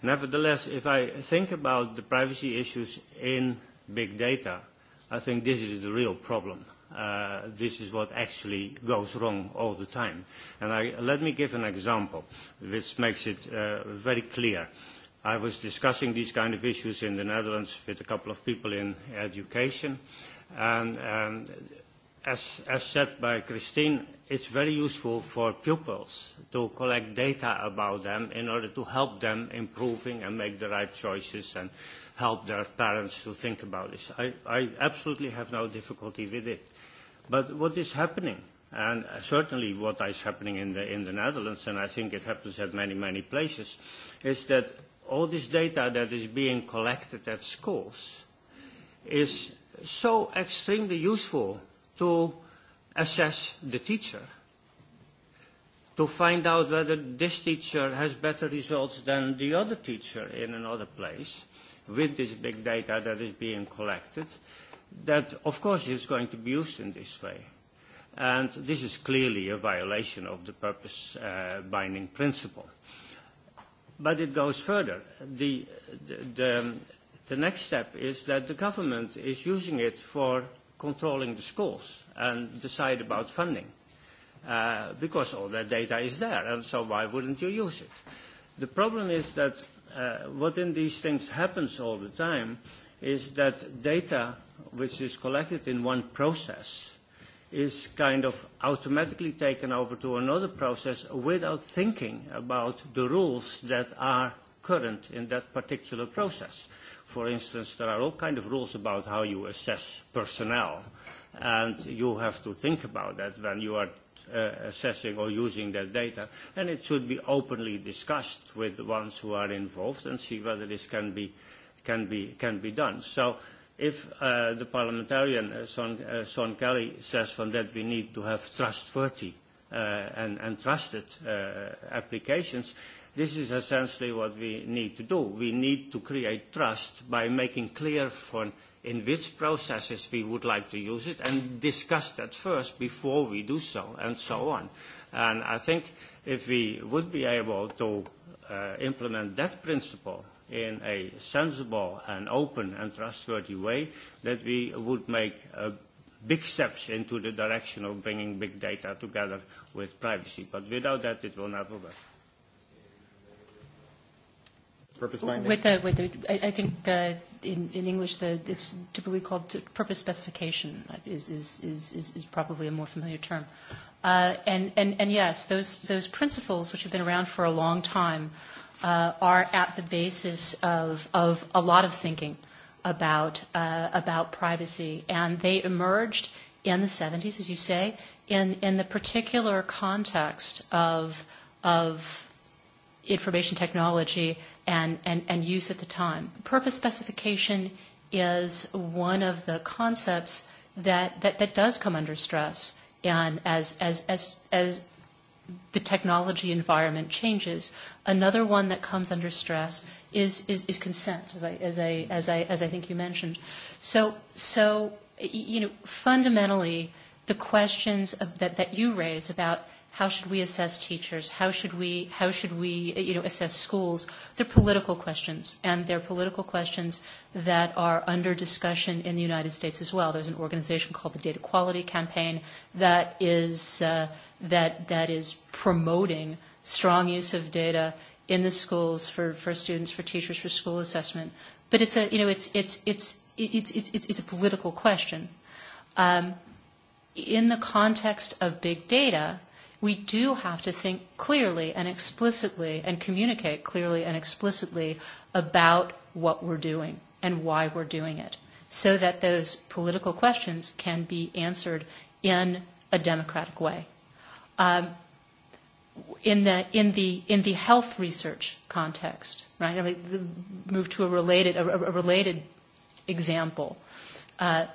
Nevertheless, if I think about the privacy issues in big data, I think this is the real problem uh, this is what actually goes wrong all the time. And I, let me give an example which makes it uh, very clear. I was discussing these kind of issues in the Netherlands with a couple of people in education. And, and um, as, as said by Christine, it's very useful for pupils to collect data about them in order to help them improving and make the right choices and help their parents to think about this. I, I absolutely have no difficulty with it. But what is happening, and certainly what is happening in the Netherlands, and I think it happens at many, many places, is that all this data that is being collected at schools is so extremely useful to assess the teacher, to find out whether this teacher has better results than the other teacher in another place with this big data that is being collected that of course it's going to be used in this way. And this is clearly a violation of the purpose uh, binding principle. But it goes further. The, the, the, the next step is that the government is using it for controlling the schools and decide about funding uh, because all that data is there. And so why wouldn't you use it? The problem is that uh, what in these things happens all the time is that data which is collected in one process, is kind of automatically taken over to another process without thinking about the rules that are current in that particular process. For instance, there are all kinds of rules about how you assess personnel, and you have to think about that when you are uh, assessing or using that data, and it should be openly discussed with the ones who are involved and see whether this can be, can be, can be done. So if uh, the parliamentarian uh, Sean, uh, Sean Kelly says from that we need to have trustworthy uh, and, and trusted uh, applications, this is essentially what we need to do. We need to create trust by making clear for in which processes we would like to use it and discuss that first before we do so and so on. And I think if we would be able to uh, implement that principle, in a sensible and open and trustworthy way that we would make uh, big steps into the direction of bringing big data together with privacy. But without that, it will never work. Purpose with the, with the, I, I think uh, in, in English, the, it's typically called t- purpose specification is, is, is, is probably a more familiar term. Uh, and, and, and yes, those, those principles, which have been around for a long time, uh, are at the basis of, of a lot of thinking about, uh, about privacy. And they emerged in the 70s, as you say, in, in the particular context of, of information technology and, and, and use at the time. Purpose specification is one of the concepts that, that, that does come under stress. And as, as, as, as, the technology environment changes. Another one that comes under stress is, is, is consent, as I, as, I, as, I, as I think you mentioned. So, so you know, fundamentally, the questions of, that, that you raise about how should we assess teachers? How should we, how should we you know, assess schools? They're political questions, and they're political questions that are under discussion in the United States as well. There's an organization called the Data Quality Campaign that is, uh, that, that is promoting strong use of data in the schools for, for students, for teachers, for school assessment. But it's a, you know, it's, it's, it's, it's, it's, it's, it's a political question. Um, in the context of big data, we do have to think clearly and explicitly and communicate clearly and explicitly about what we're doing and why we're doing it so that those political questions can be answered in a democratic way. Um, in the in the in the health research context, right? I mean, move to a related a, a related example. Uh,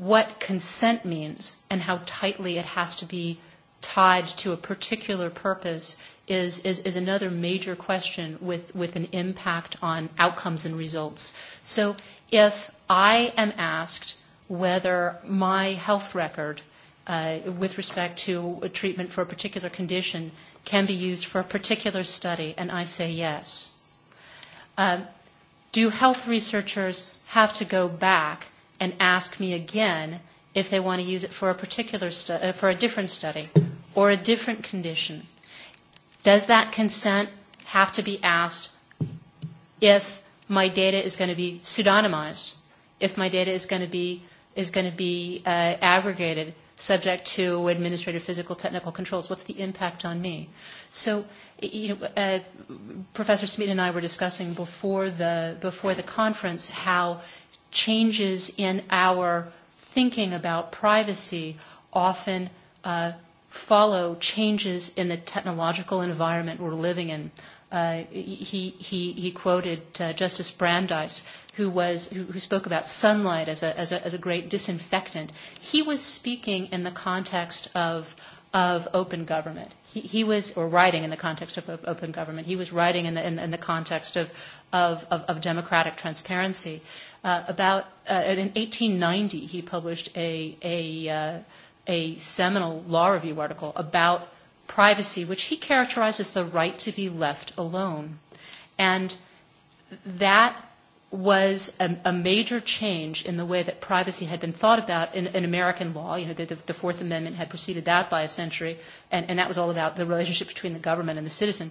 what consent means and how tightly it has to be tied to a particular purpose is, is, is another major question with, with an impact on outcomes and results. So if I am asked whether my health record uh, with respect to a treatment for a particular condition can be used for a particular study, and I say yes, uh, do health researchers have to go back and ask me again if they want to use it for a particular stu- uh, for a different study or a different condition. Does that consent have to be asked if my data is going to be pseudonymized, if my data is going to be is going to be uh, aggregated, subject to administrative physical technical controls? What's the impact on me? So. You know, uh, Professor Smeet and I were discussing before the before the conference how changes in our thinking about privacy often uh, follow changes in the technological environment we're living in. Uh, he, he, he quoted uh, Justice Brandeis, who, was, who, who spoke about sunlight as a, as, a, as a great disinfectant. He was speaking in the context of, of open government. He, he was, or writing in the context of open government. He was writing in the, in, in the context of, of, of, of democratic transparency. Uh, uh, about uh, in 1890 he published a, a, uh, a seminal law review article about privacy which he characterizes the right to be left alone and that was a, a major change in the way that privacy had been thought about in, in American law. You know, the, the Fourth Amendment had preceded that by a century, and, and that was all about the relationship between the government and the citizen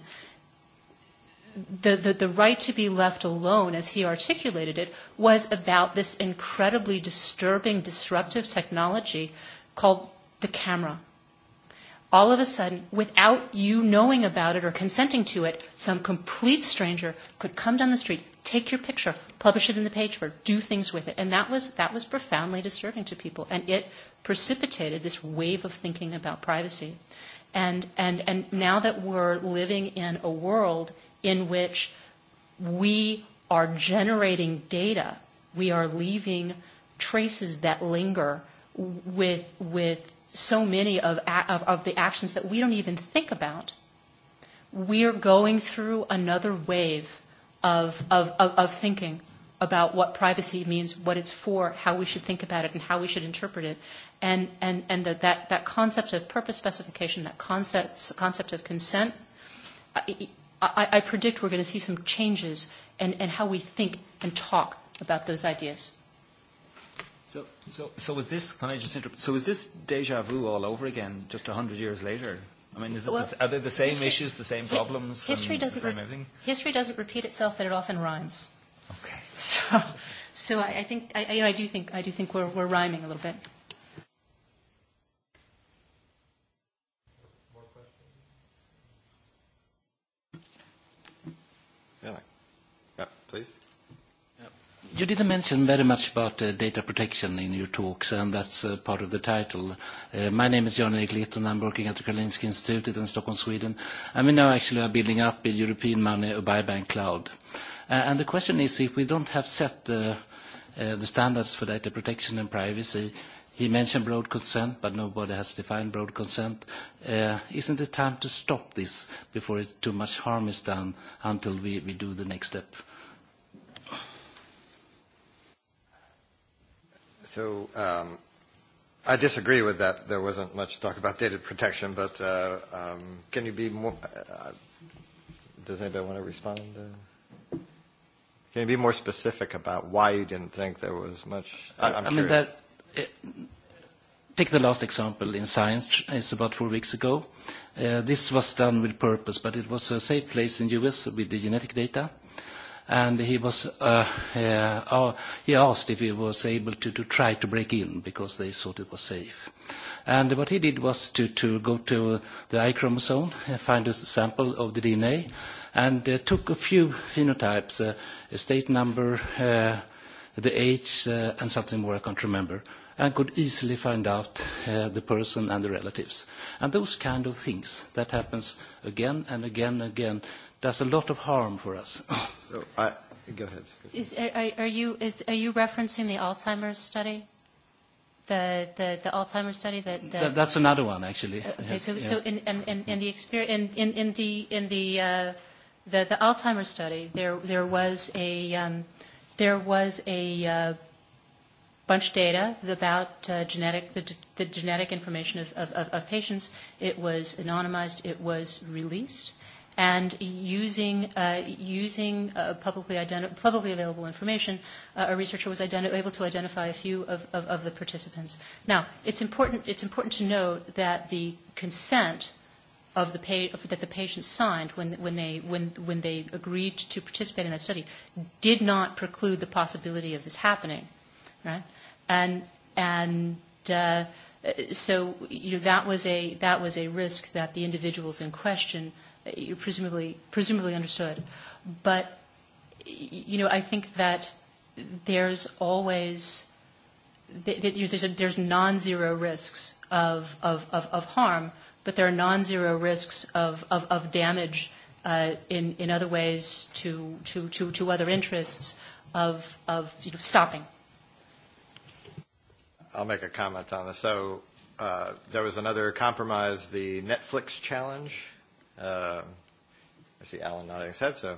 the, the, the right to be left alone, as he articulated it, was about this incredibly disturbing, disruptive technology called the camera. All of a sudden, without you knowing about it or consenting to it, some complete stranger could come down the street, take your picture, publish it in the paper, do things with it. And that was, that was profoundly disturbing to people. And it precipitated this wave of thinking about privacy. And, and, and now that we're living in a world in which we are generating data, we are leaving traces that linger with, with so many of, of, of the actions that we don't even think about. We are going through another wave of, of, of, of thinking about what privacy means, what it's for, how we should think about it, and how we should interpret it. And, and, and the, that, that concept of purpose specification, that concept, concept of consent, uh, it, I, I predict we're going to see some changes in, in how we think and talk about those ideas. So, so, so is this? Can I just interrupt? So, is this deja vu all over again, just hundred years later? I mean, is it, well, is, are they the same history, issues, the same problems? History doesn't the same re- history doesn't repeat itself, but it often rhymes. Okay. So, so I, I think I, I, I do think I do think we're, we're rhyming a little bit. You didn't mention very much about uh, data protection in your talks, and that's uh, part of the title. Uh, my name is John Erik Litton. I'm working at the Karolinska Institutet in Stockholm, Sweden. And we now actually are building up a European money, a biobank cloud. Uh, and the question is, if we don't have set the, uh, the standards for data protection and privacy, he mentioned broad consent, but nobody has defined broad consent. Uh, isn't it time to stop this before it's too much harm is done until we, we do the next step? So um, I disagree with that. There wasn't much talk about data protection, but uh, um, can you be more uh, uh – does anybody want to respond? Uh, can you be more specific about why you didn't think there was much – I'm I curious. mean that eh, – Take the last example in science, it's about four weeks ago. Uh, this was done with purpose, but it was a safe place in the US with the genetic data and he was uh, uh, uh, he asked if he was able to, to try to break in because they thought it was safe. And what he did was to, to go to the I chromosome and uh, find a sample of the DNA and uh, took a few phenotypes, uh, a state number, uh, the age, uh, and something more I can't remember, and could easily find out uh, the person and the relatives. And those kind of things that happens again and again and again does a lot of harm for us. so I, go ahead. Is, are, are, you, is, are you referencing the Alzheimer's study? The, the, the Alzheimer's study? The, the that, that's another one, actually. Uh, so in the, in, in the, uh, the, the Alzheimer's study, there, there was a, um, there was a uh, bunch of data about uh, genetic, the, the genetic information of, of, of patients. It was anonymized. It was released. Uh, and using uh, using uh, publicly, identi- publicly available information, uh, a researcher was identi- able to identify a few of, of, of the participants. Now, it's important, it's important to note that the consent of the pa- of, that the patients signed when, when, they, when, when they agreed to participate in that study did not preclude the possibility of this happening, right? And, and uh, So you know, that, was a, that was a risk that the individuals in question uh, presumably, presumably understood. But you know, I think that there's always that, you know, there's, a, there's non-zero risks of, of, of, of harm, but there are non-zero risks of, of, of damage uh, in, in other ways to, to, to, to other interests of, of you know, stopping. I'll make a comment on this. So uh, there was another compromise, the Netflix challenge. Uh, I see Alan nodding his head, so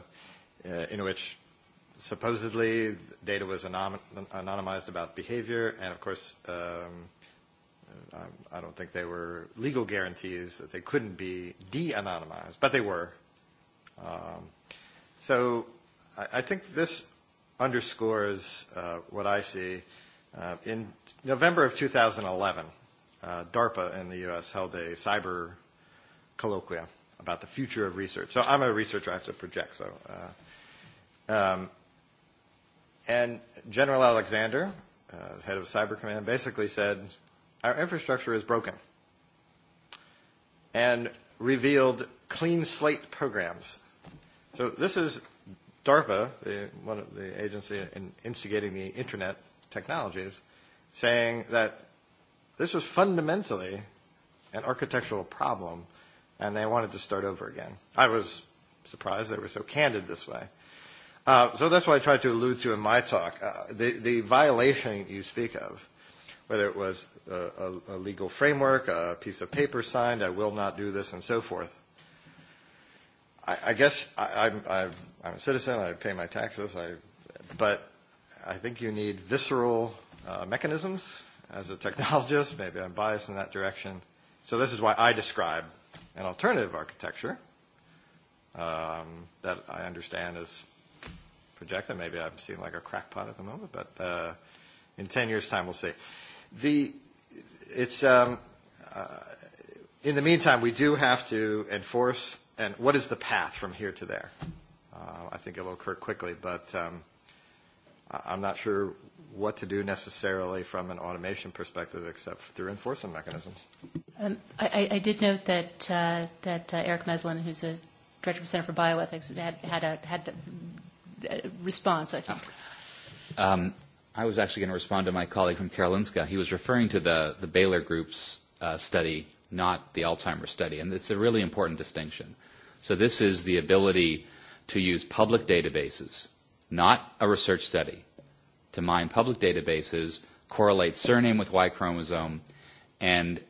uh, in which supposedly data was anom- anonymized about behavior, and of course, um, I, um, I don't think they were legal guarantees that they couldn't be de anonymized, but they were. Um, so I, I think this underscores uh, what I see. Uh, Uh, in November of 2011, uh, DARPA in the U.S. held a cyber colloquia about the future of research. So I'm a researcher, I have to project. So, uh, um, and General Alexander, uh, head of Cyber Command, basically said, "Our infrastructure is broken," and revealed clean slate programs. So this is DARPA, the, one of the agency in instigating the internet technologies, saying that this was fundamentally an architectural problem and they wanted to start over again. I was surprised they were so candid this way. Uh, so that's what I tried to allude to in my talk. Uh, the, the violation you speak of, whether it was a, a, a legal framework, a piece of paper signed, I will not do this, and so forth. I, I guess I, I'm, I'm a citizen. I pay my taxes. I, but I think you need visceral uh, mechanisms as a technologist. Maybe I'm biased in that direction. So this is why I describe an alternative architecture um, that I understand is projected. Maybe I'm seeing like a crackpot at the moment, but uh, in 10 years' time, we'll see. The, it's, um, uh, in the meantime, we do have to enforce, and what is the path from here to there? Uh, I think it will occur quickly, but... Um, I'm not sure what to do necessarily from an automation perspective, except through enforcement mechanisms. Um, I, I did note that uh, that uh, Eric Meslin, who's a director of the Center for Bioethics, had had a, had a response. I think. Um, I was actually going to respond to my colleague from Karolinska. He was referring to the the Baylor Group's uh, study, not the Alzheimer's study, and it's a really important distinction. So this is the ability to use public databases not a research study, to mine public databases, correlate surname with Y chromosome, and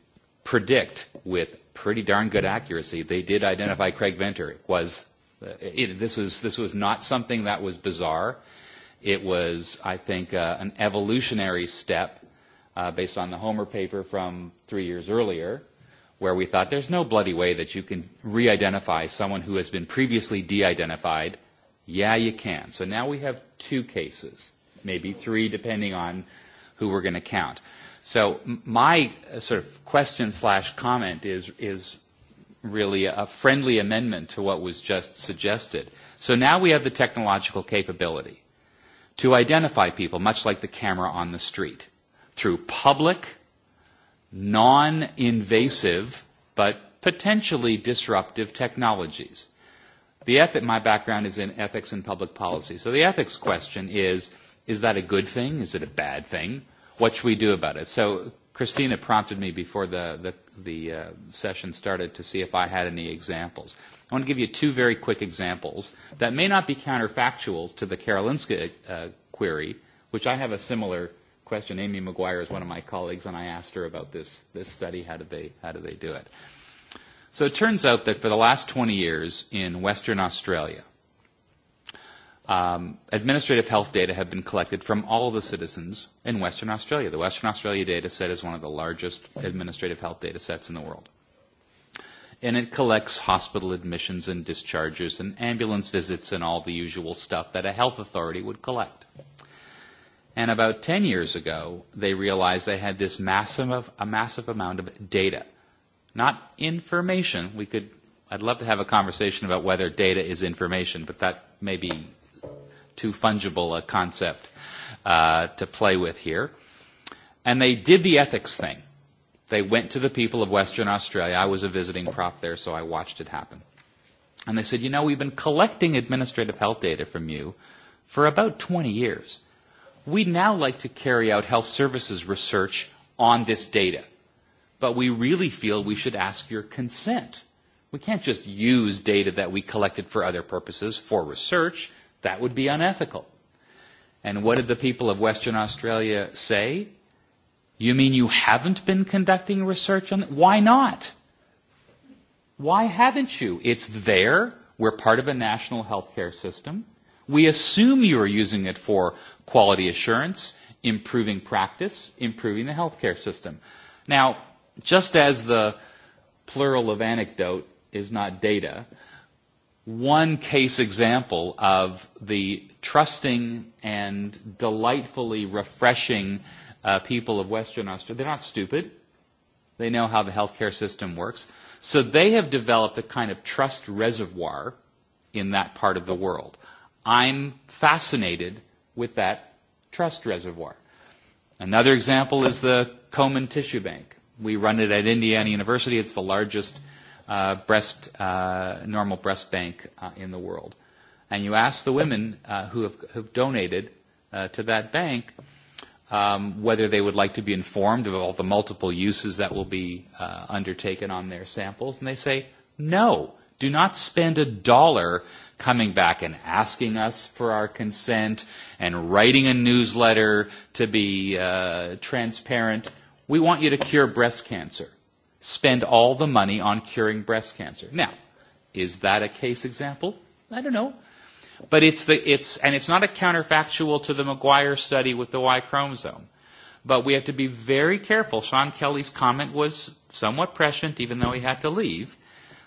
predict with pretty darn good accuracy they did identify Craig Venter. It was uh, it, this was this was not something that was bizarre. It was, I think, uh, an evolutionary step uh, based on the Homer paper from three years earlier, where we thought there's no bloody way that you can re-identify someone who has been previously de-identified Yeah, you can. So now we have two cases, maybe three, depending on who we're going to count. So my uh, sort of question slash comment is is really a friendly amendment to what was just suggested. So now we have the technological capability to identify people, much like the camera on the street, through public, non-invasive, but potentially disruptive technologies. The ethic, my background is in ethics and public policy. So the ethics question is, is that a good thing? Is it a bad thing? What should we do about it? So Christina prompted me before the, the, the uh, session started to see if I had any examples. I want to give you two very quick examples that may not be counterfactuals to the Karolinska uh, query, which I have a similar question. Amy McGuire is one of my colleagues, and I asked her about this, this study. How did they, how did they do it? So it turns out that for the last 20 years in Western Australia, um, administrative health data have been collected from all of the citizens in Western Australia. The Western Australia data set is one of the largest administrative health data sets in the world. And it collects hospital admissions and discharges and ambulance visits and all the usual stuff that a health authority would collect. And about 10 years ago, they realized they had this massive, a massive amount of data – not information. We could, I'd love to have a conversation about whether data is information, but that may be too fungible a concept uh, to play with here. And they did the ethics thing. They went to the people of Western Australia. I was a visiting prop there, so I watched it happen. And they said, you know, we've been collecting administrative health data from you for about 20 years. We'd now like to carry out health services research on this data but we really feel we should ask your consent. We can't just use data that we collected for other purposes, for research. That would be unethical. And what did the people of Western Australia say? You mean you haven't been conducting research on that? Why not? Why haven't you? It's there. We're part of a national healthcare system. We assume you are using it for quality assurance, improving practice, improving the healthcare system. Now, just as the plural of anecdote is not data, one case example of the trusting and delightfully refreshing uh, people of Western Australia, they're not stupid. They know how the healthcare system works. So they have developed a kind of trust reservoir in that part of the world. I'm fascinated with that trust reservoir. Another example is the Komen Tissue Bank we run it at Indiana University. It's the largest uh, breast uh, normal breast bank uh, in the world. And you ask the women uh, who have who've donated uh, to that bank um, whether they would like to be informed of all the multiple uses that will be uh, undertaken on their samples, and they say, no, do not spend a dollar coming back and asking us for our consent and writing a newsletter to be uh, transparent. Uh, We want you to cure breast cancer. Spend all the money on curing breast cancer. Now, is that a case example? I don't know. But it's the, it's, and it's not a counterfactual to the McGuire study with the Y chromosome. But we have to be very careful. Sean Kelly's comment was somewhat prescient, even though he had to leave.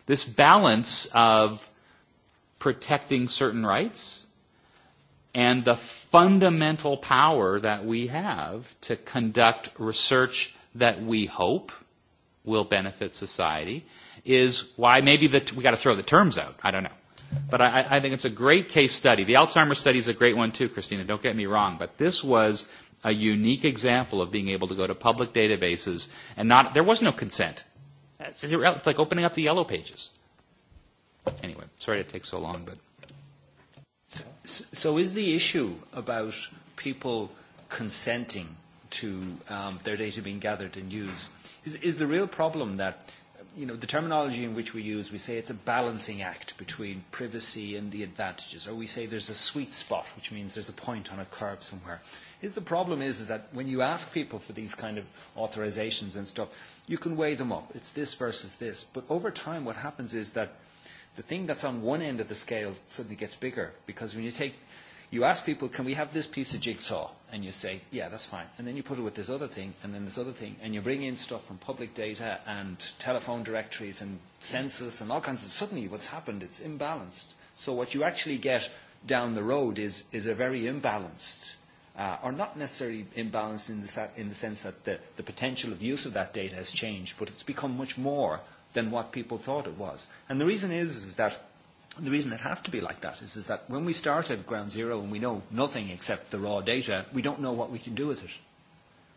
This balance of protecting certain rights, and the fundamental power that we have to conduct research that we hope will benefit society is why maybe that we got to throw the terms out. I don't know. But I, I think it's a great case study. The Alzheimer's study is a great one too, Christina. Don't get me wrong. But this was a unique example of being able to go to public databases and not, there was no consent. It's like opening up the yellow pages. Anyway, sorry to take so long, but. So is the issue about people consenting to um, their data being gathered and used, is, is the real problem that, you know, the terminology in which we use, we say it's a balancing act between privacy and the advantages, or we say there's a sweet spot, which means there's a point on a curve somewhere. Is the problem is, is that when you ask people for these kind of authorizations and stuff, you can weigh them up. It's this versus this. But over time, what happens is that the thing that's on one end of the scale suddenly gets bigger because when you take you ask people, can we have this piece of jigsaw? And you say, yeah, that's fine. And then you put it with this other thing, and then this other thing, and you bring in stuff from public data and telephone directories and census and all kinds of. Suddenly, what's happened? It's imbalanced. So what you actually get down the road is is a very imbalanced, uh, or not necessarily imbalanced in the in the sense that the the potential of use of that data has changed, but it's become much more than what people thought it was. And the reason is, is that the reason it has to be like that is, is that when we start at ground zero and we know nothing except the raw data, we don't know what we can do with it.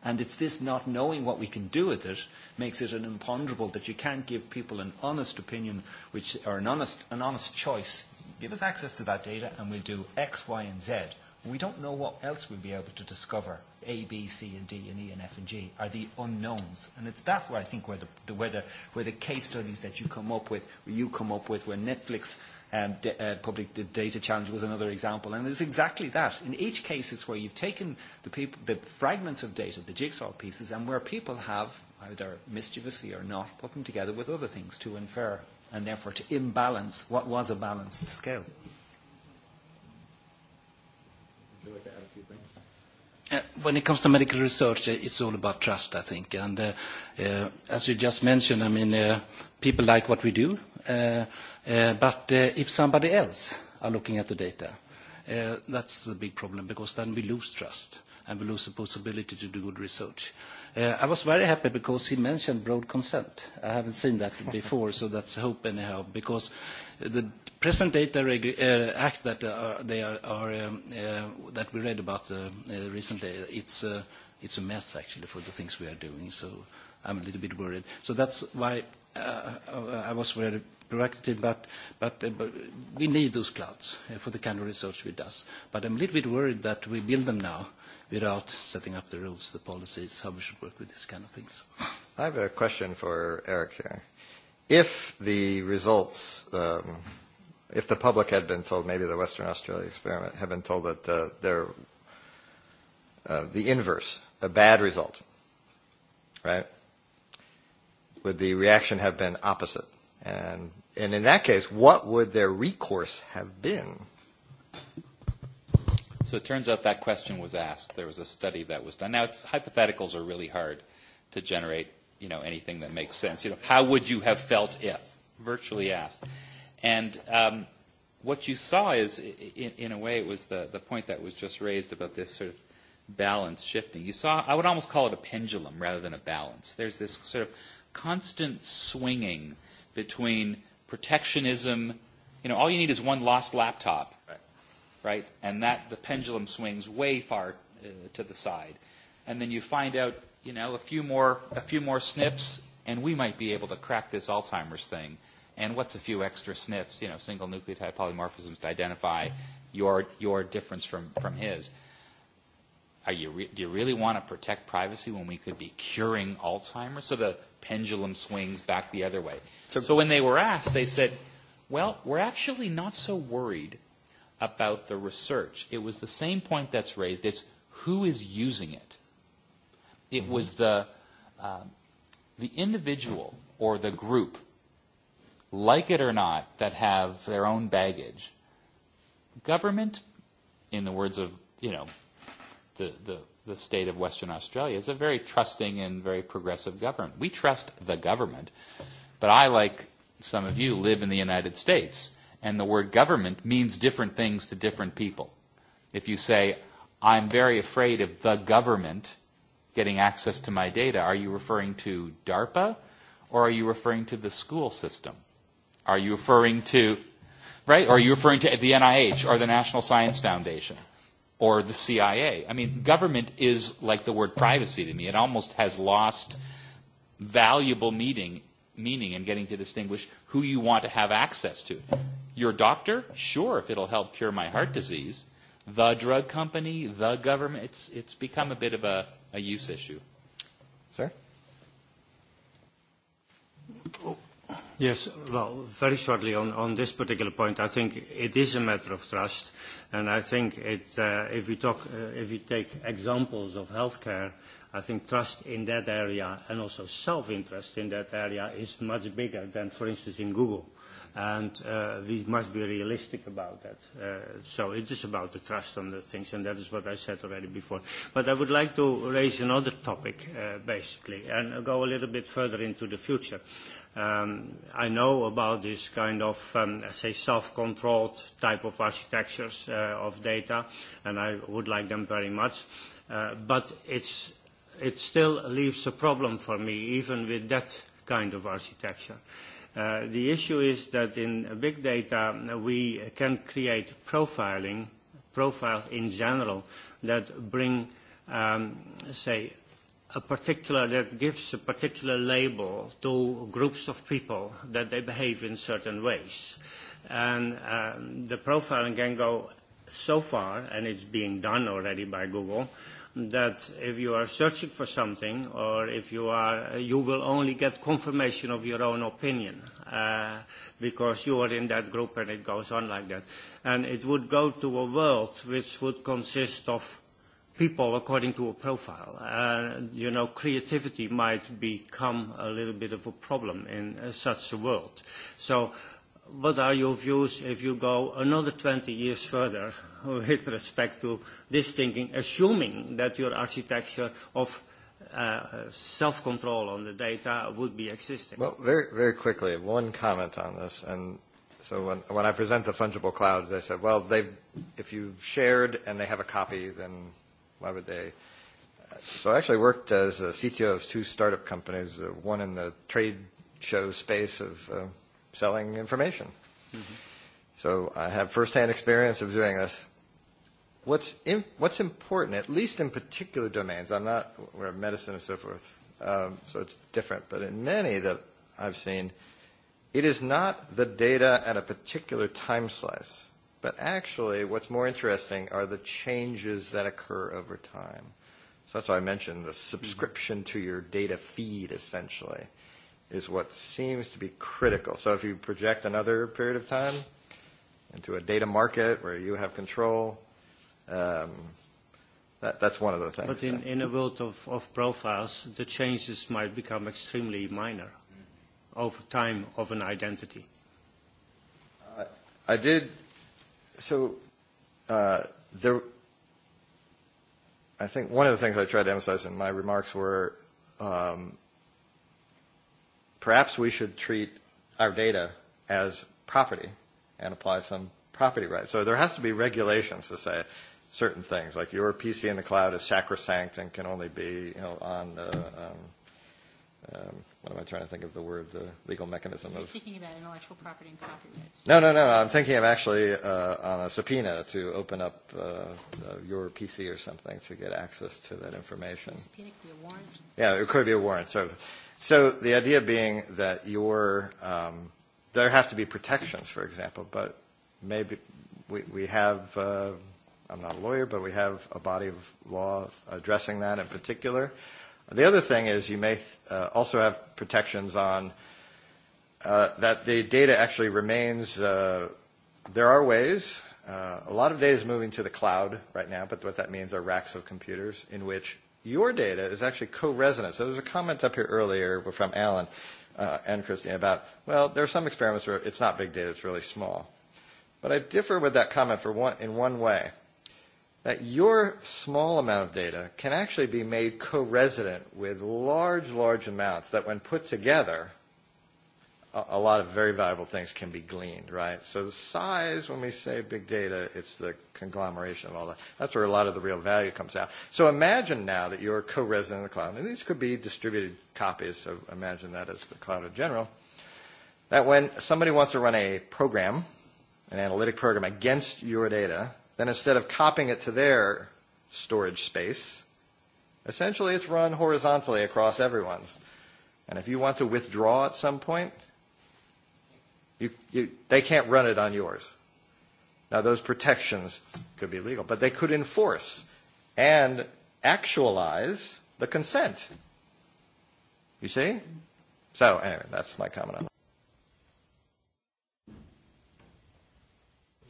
And it's this not knowing what we can do with it makes it an imponderable that you can't give people an honest opinion which, or an honest, an honest choice. Give us access to that data and we'll do X, Y, and Z. We don't know what else we'll be able to discover A, B, C, and D, and E, and F, and G are the unknowns. And it's that where I think where the, the, where the, where the case studies that you come up with, where you come up with, where Netflix um, d- uh, public d- data challenge was another example. And it's exactly that. In each case, it's where you've taken the, peop- the fragments of data, the jigsaw pieces, and where people have, either mischievously or not, put them together with other things to infer and therefore to imbalance what was a balanced scale. Uh, when it comes to medical research, uh, it's all about trust, I think. And uh, uh, as you just mentioned, I mean, uh, people like what we do. Uh, uh, but uh, if somebody else are looking at the data, uh, that's the big problem because then we lose trust and we lose the possibility to do good research. Uh, Uh, I was very happy because he mentioned broad consent. I haven't seen that before, so that's hope anyhow, because the present data regu uh, act that, uh, are, they are, are, um, uh, that we read about uh, uh, recently, it's, uh, it's a mess, actually, for the things we are doing, so I'm a little bit worried. So that's why uh, uh I was very proactive, but, but, uh, but we need those clouds uh, for the kind of research we do. But I'm a little bit worried that we build them now, without setting up the rules, the policies, how we should work with these kind of things. I have a question for Eric here. If the results, um, if the public had been told, maybe the Western Australia experiment had been told that uh, they're uh, the inverse, a bad result, right? Would the reaction have been opposite? And, and in that case, what would their recourse have been? So it turns out that question was asked. There was a study that was done. Now, it's, hypotheticals are really hard to generate. You know, anything that makes sense. You know, how would you have felt if virtually asked? And um, what you saw is, in, in a way, it was the the point that was just raised about this sort of balance shifting. You saw, I would almost call it a pendulum rather than a balance. There's this sort of constant swinging between protectionism. You know, all you need is one lost laptop right? And that the pendulum swings way far uh, to the side, and then you find out, you know, a few more a few more snips, and we might be able to crack this Alzheimer's thing. And what's a few extra snips, you know, single nucleotide polymorphisms to identify your your difference from from his? Are you re- do you really want to protect privacy when we could be curing Alzheimer's? So the pendulum swings back the other way. So, so when they were asked, they said, "Well, we're actually not so worried about the research. It was the same point that's raised. It's who is using it. It mm-hmm. was the uh, the individual or the group, like it or not, that have their own baggage. Government, in the words of you know, the the the state of Western Australia is a very trusting and very progressive government. We trust the government, but I like some of you live in the United States and the word government means different things to different people. If you say, I'm very afraid of the government getting access to my data, are you referring to DARPA or are you referring to the school system? Are you referring to, right? Or are you referring to the NIH or the National Science Foundation or the CIA? I mean, government is like the word privacy to me. It almost has lost valuable meaning, meaning in getting to distinguish who you want to have access to. Your doctor? Sure, if it'll help cure my heart disease. The drug company, the government. It's, it's become a bit of a, a use issue. Sir? Yes, well, very shortly on, on this particular point, I think it is a matter of trust. And I think it, uh, if, we talk, uh, if we take examples of healthcare, I think trust in that area and also self-interest in that area is much bigger than, for instance, in Google. Uh, and uh, we must be realistic about that. Uh, so it is about the trust on the things, and that is what I said already before. But I would like to raise another topic, uh, basically, and go a little bit further into the future. Um, I know about this kind of, um, say, self-controlled type of architectures uh, of data, and I would like them very much. Uh, but it's, it still leaves a problem for me, even with that kind of architecture. Uh, Uh, the issue is that in big data, we can create profiling, profiles in general, that bring, um, say, a particular, that gives a particular label to groups of people that they behave in certain ways. And um, the profiling can go so far, and it's being done already by Google, uh, that if you are searching for something or if you are, you will only get confirmation of your own opinion uh, because you are in that group and it goes on like that. And it would go to a world which would consist of people according to a profile. Uh, you know, creativity might become a little bit of a problem in uh, such a world. So what are your views if you go another 20 years further with respect to this thinking, assuming that your architecture of uh, self-control on the data would be existing. Well, very, very quickly, one comment on this. And so when, when I present the fungible cloud, they said, well, they've, if you've shared and they have a copy, then why would they? So I actually worked as a CTO of two startup companies, uh, one in the trade show space of uh, selling information. Mm-hmm. So I have firsthand experience of doing this what's in, what's important, at least in particular domains. I'm not where medicine and so forth, um, so it's different. But in many that I've seen, it is not the data at a particular time slice, but actually, what's more interesting are the changes that occur over time. So that's why I mentioned the subscription mm-hmm. to your data feed, essentially. Is what seems to be critical. So if you project another period of time into a data market where you have control, um, that, that's one of the things. But in, in a world of, of profiles, the changes might become extremely minor over time of an identity. Uh, I did. So uh, there, I think one of the things I tried to emphasize in my remarks were um, perhaps we should treat our data as property and apply some property rights. So there has to be regulations to say, certain things. Like your PC in the cloud is sacrosanct and can only be you know, on the. Um, um, what am I trying to think of the word, the legal mechanism You're of. thinking about intellectual property and copyrights. No, no, no. no. I'm thinking of actually uh, on a subpoena to open up uh, uh, your PC or something to get access to that information. A subpoena could be a warrant. Yeah, it could be a warrant. So, so the idea being that your. Um, there have to be protections, for example, but maybe we, we have. Uh, I'm not a lawyer, but we have a body of law addressing that in particular. The other thing is you may th- uh, also have protections on uh, that the data actually remains. Uh, there are ways. Uh, a lot of data is moving to the cloud right now, but what that means are racks of computers in which your data is actually co-resonant. So there was a comment up here earlier from Alan uh, and Christine about, well, there are some experiments where it's not big data, it's really small. But I differ with that comment for one, in one way that your small amount of data can actually be made co-resident with large, large amounts that when put together, a, a lot of very valuable things can be gleaned, right? So the size, when we say big data, it's the conglomeration of all that. That's where a lot of the real value comes out. So imagine now that you're co-resident in the cloud, and these could be distributed copies, so imagine that as the cloud in general, that when somebody wants to run a program, an analytic program against your data, then instead of copying it to their storage space, essentially it's run horizontally across everyone's. And if you want to withdraw at some point, you, you, they can't run it on yours. Now, those protections could be legal, but they could enforce and actualize the consent. You see? So, anyway, that's my comment on that.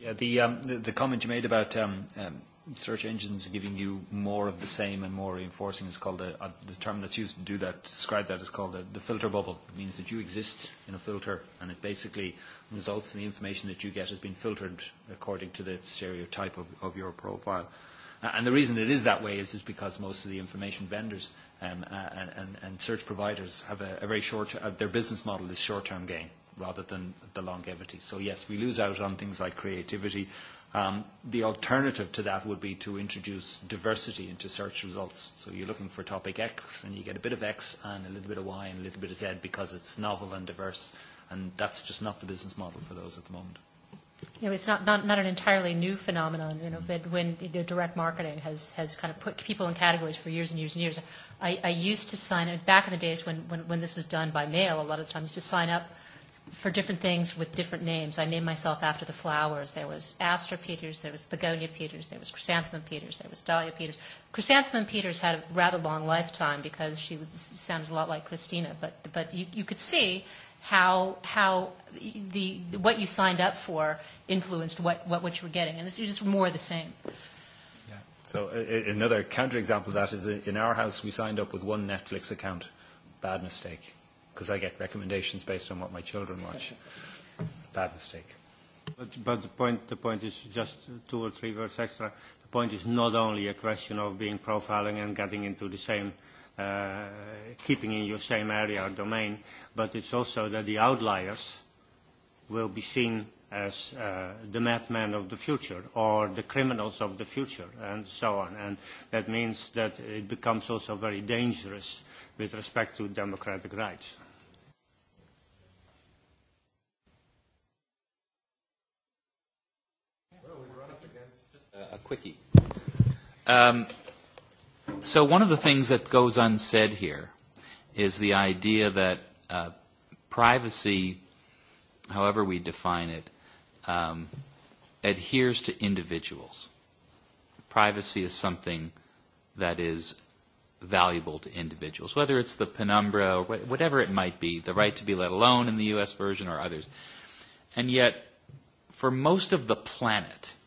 Yeah, the, um, the, the comment you made about um, um, search engines giving you more of the same and more reinforcing is called a, a, the term that's used to do that, describe that, is called a, the filter bubble. It means that you exist in a filter and it basically results in the information that you get has been filtered according to the stereotype of, of your profile. And the reason it is that way is, is because most of the information vendors um, and, and, and search providers have a, a very short, uh, their business model is short-term gain rather than the longevity. So yes, we lose out on things like creativity. Um, the alternative to that would be to introduce diversity into search results. So you're looking for topic X and you get a bit of X and a little bit of Y and a little bit of Z because it's novel and diverse. And that's just not the business model for those at the moment. You know, it's not, not, not an entirely new phenomenon, you know, but when you know, direct marketing has, has kind of put people in categories for years and years and years. I, I used to sign, back in the days when, when, when this was done by mail, a lot of times to sign up for different things with different names. I named myself after the flowers. There was Aster Peters, there was Begonia Peters, there was Chrysanthemum Peters, there was Dahlia Peters. Chrysanthemum Peters had a rather long lifetime because she was, sounded a lot like Christina, but, but you, you could see how, how the, the, what you signed up for influenced what, what, what you were getting. And it's just more of the same. Yeah. So uh, another counterexample of that is in our house, we signed up with one Netflix account. Bad mistake because I get recommendations based on what my children watch. Bad mistake. But, but the, point, the point is just two or three words extra. The point is not only a question of being profiling and getting into the same, uh, keeping in your same area or domain, but it's also that the outliers will be seen as uh, the madmen of the future or the criminals of the future and so on. And that means that it becomes also very dangerous with respect to democratic rights. quickie. Um, so one of the things that goes unsaid here is the idea that uh, privacy, however we define it, um, adheres to individuals. Privacy is something that is valuable to individuals, whether it's the penumbra or whatever it might be, the right to be let alone in the U.S. version or others. And yet, for most of the planet –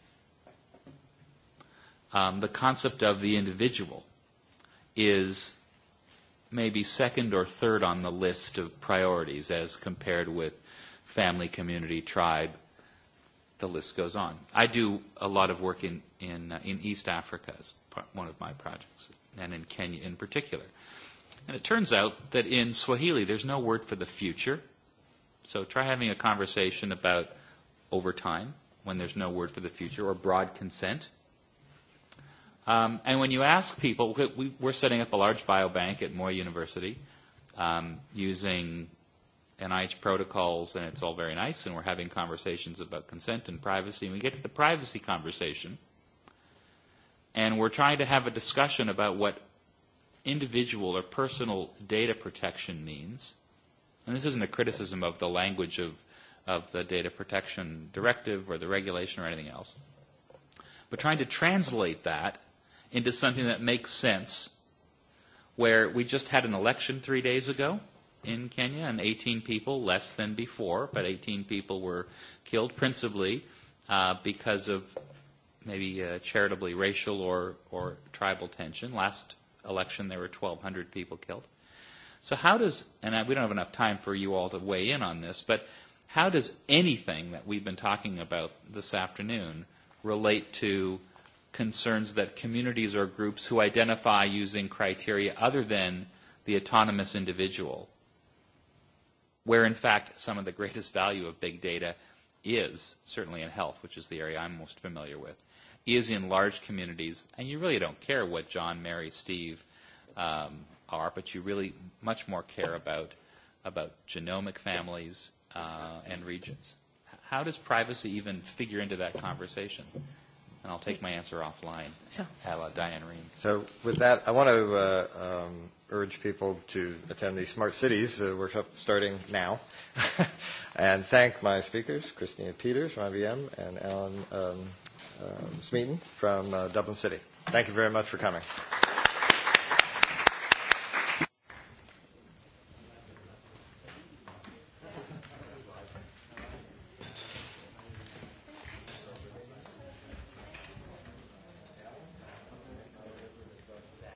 um, the concept of the individual is maybe second or third on the list of priorities as compared with family, community, tribe. The list goes on. I do a lot of work in, in, uh, in East Africa as part, one of my projects, and in Kenya in particular. And it turns out that in Swahili, there's no word for the future. So try having a conversation about overtime when there's no word for the future or broad consent. Um, and when you ask people, we, we, we're setting up a large biobank at Moy University um, using NIH protocols, and it's all very nice, and we're having conversations about consent and privacy, and we get to the privacy conversation, and we're trying to have a discussion about what individual or personal data protection means. And this isn't a criticism of the language of, of the data protection directive or the regulation or anything else. But trying to translate that into something that makes sense, where we just had an election three days ago in Kenya, and 18 people, less than before, but 18 people were killed, principally uh, because of maybe uh, charitably racial or, or tribal tension. Last election, there were 1,200 people killed. So how does, and I, we don't have enough time for you all to weigh in on this, but how does anything that we've been talking about this afternoon relate to concerns that communities or groups who identify using criteria other than the autonomous individual, where in fact some of the greatest value of big data is, certainly in health, which is the area I'm most familiar with, is in large communities. And you really don't care what John, Mary, Steve um, are, but you really much more care about, about genomic families uh, and regions. How does privacy even figure into that conversation? and I'll take my answer offline. So, la uh, Diane Reen. So, with that, I want to uh, um, urge people to attend the Smart Cities uh, workshop starting now, and thank my speakers, Christina Peters from IBM and Alan um, um, Smeaton from uh, Dublin City. Thank you very much for coming.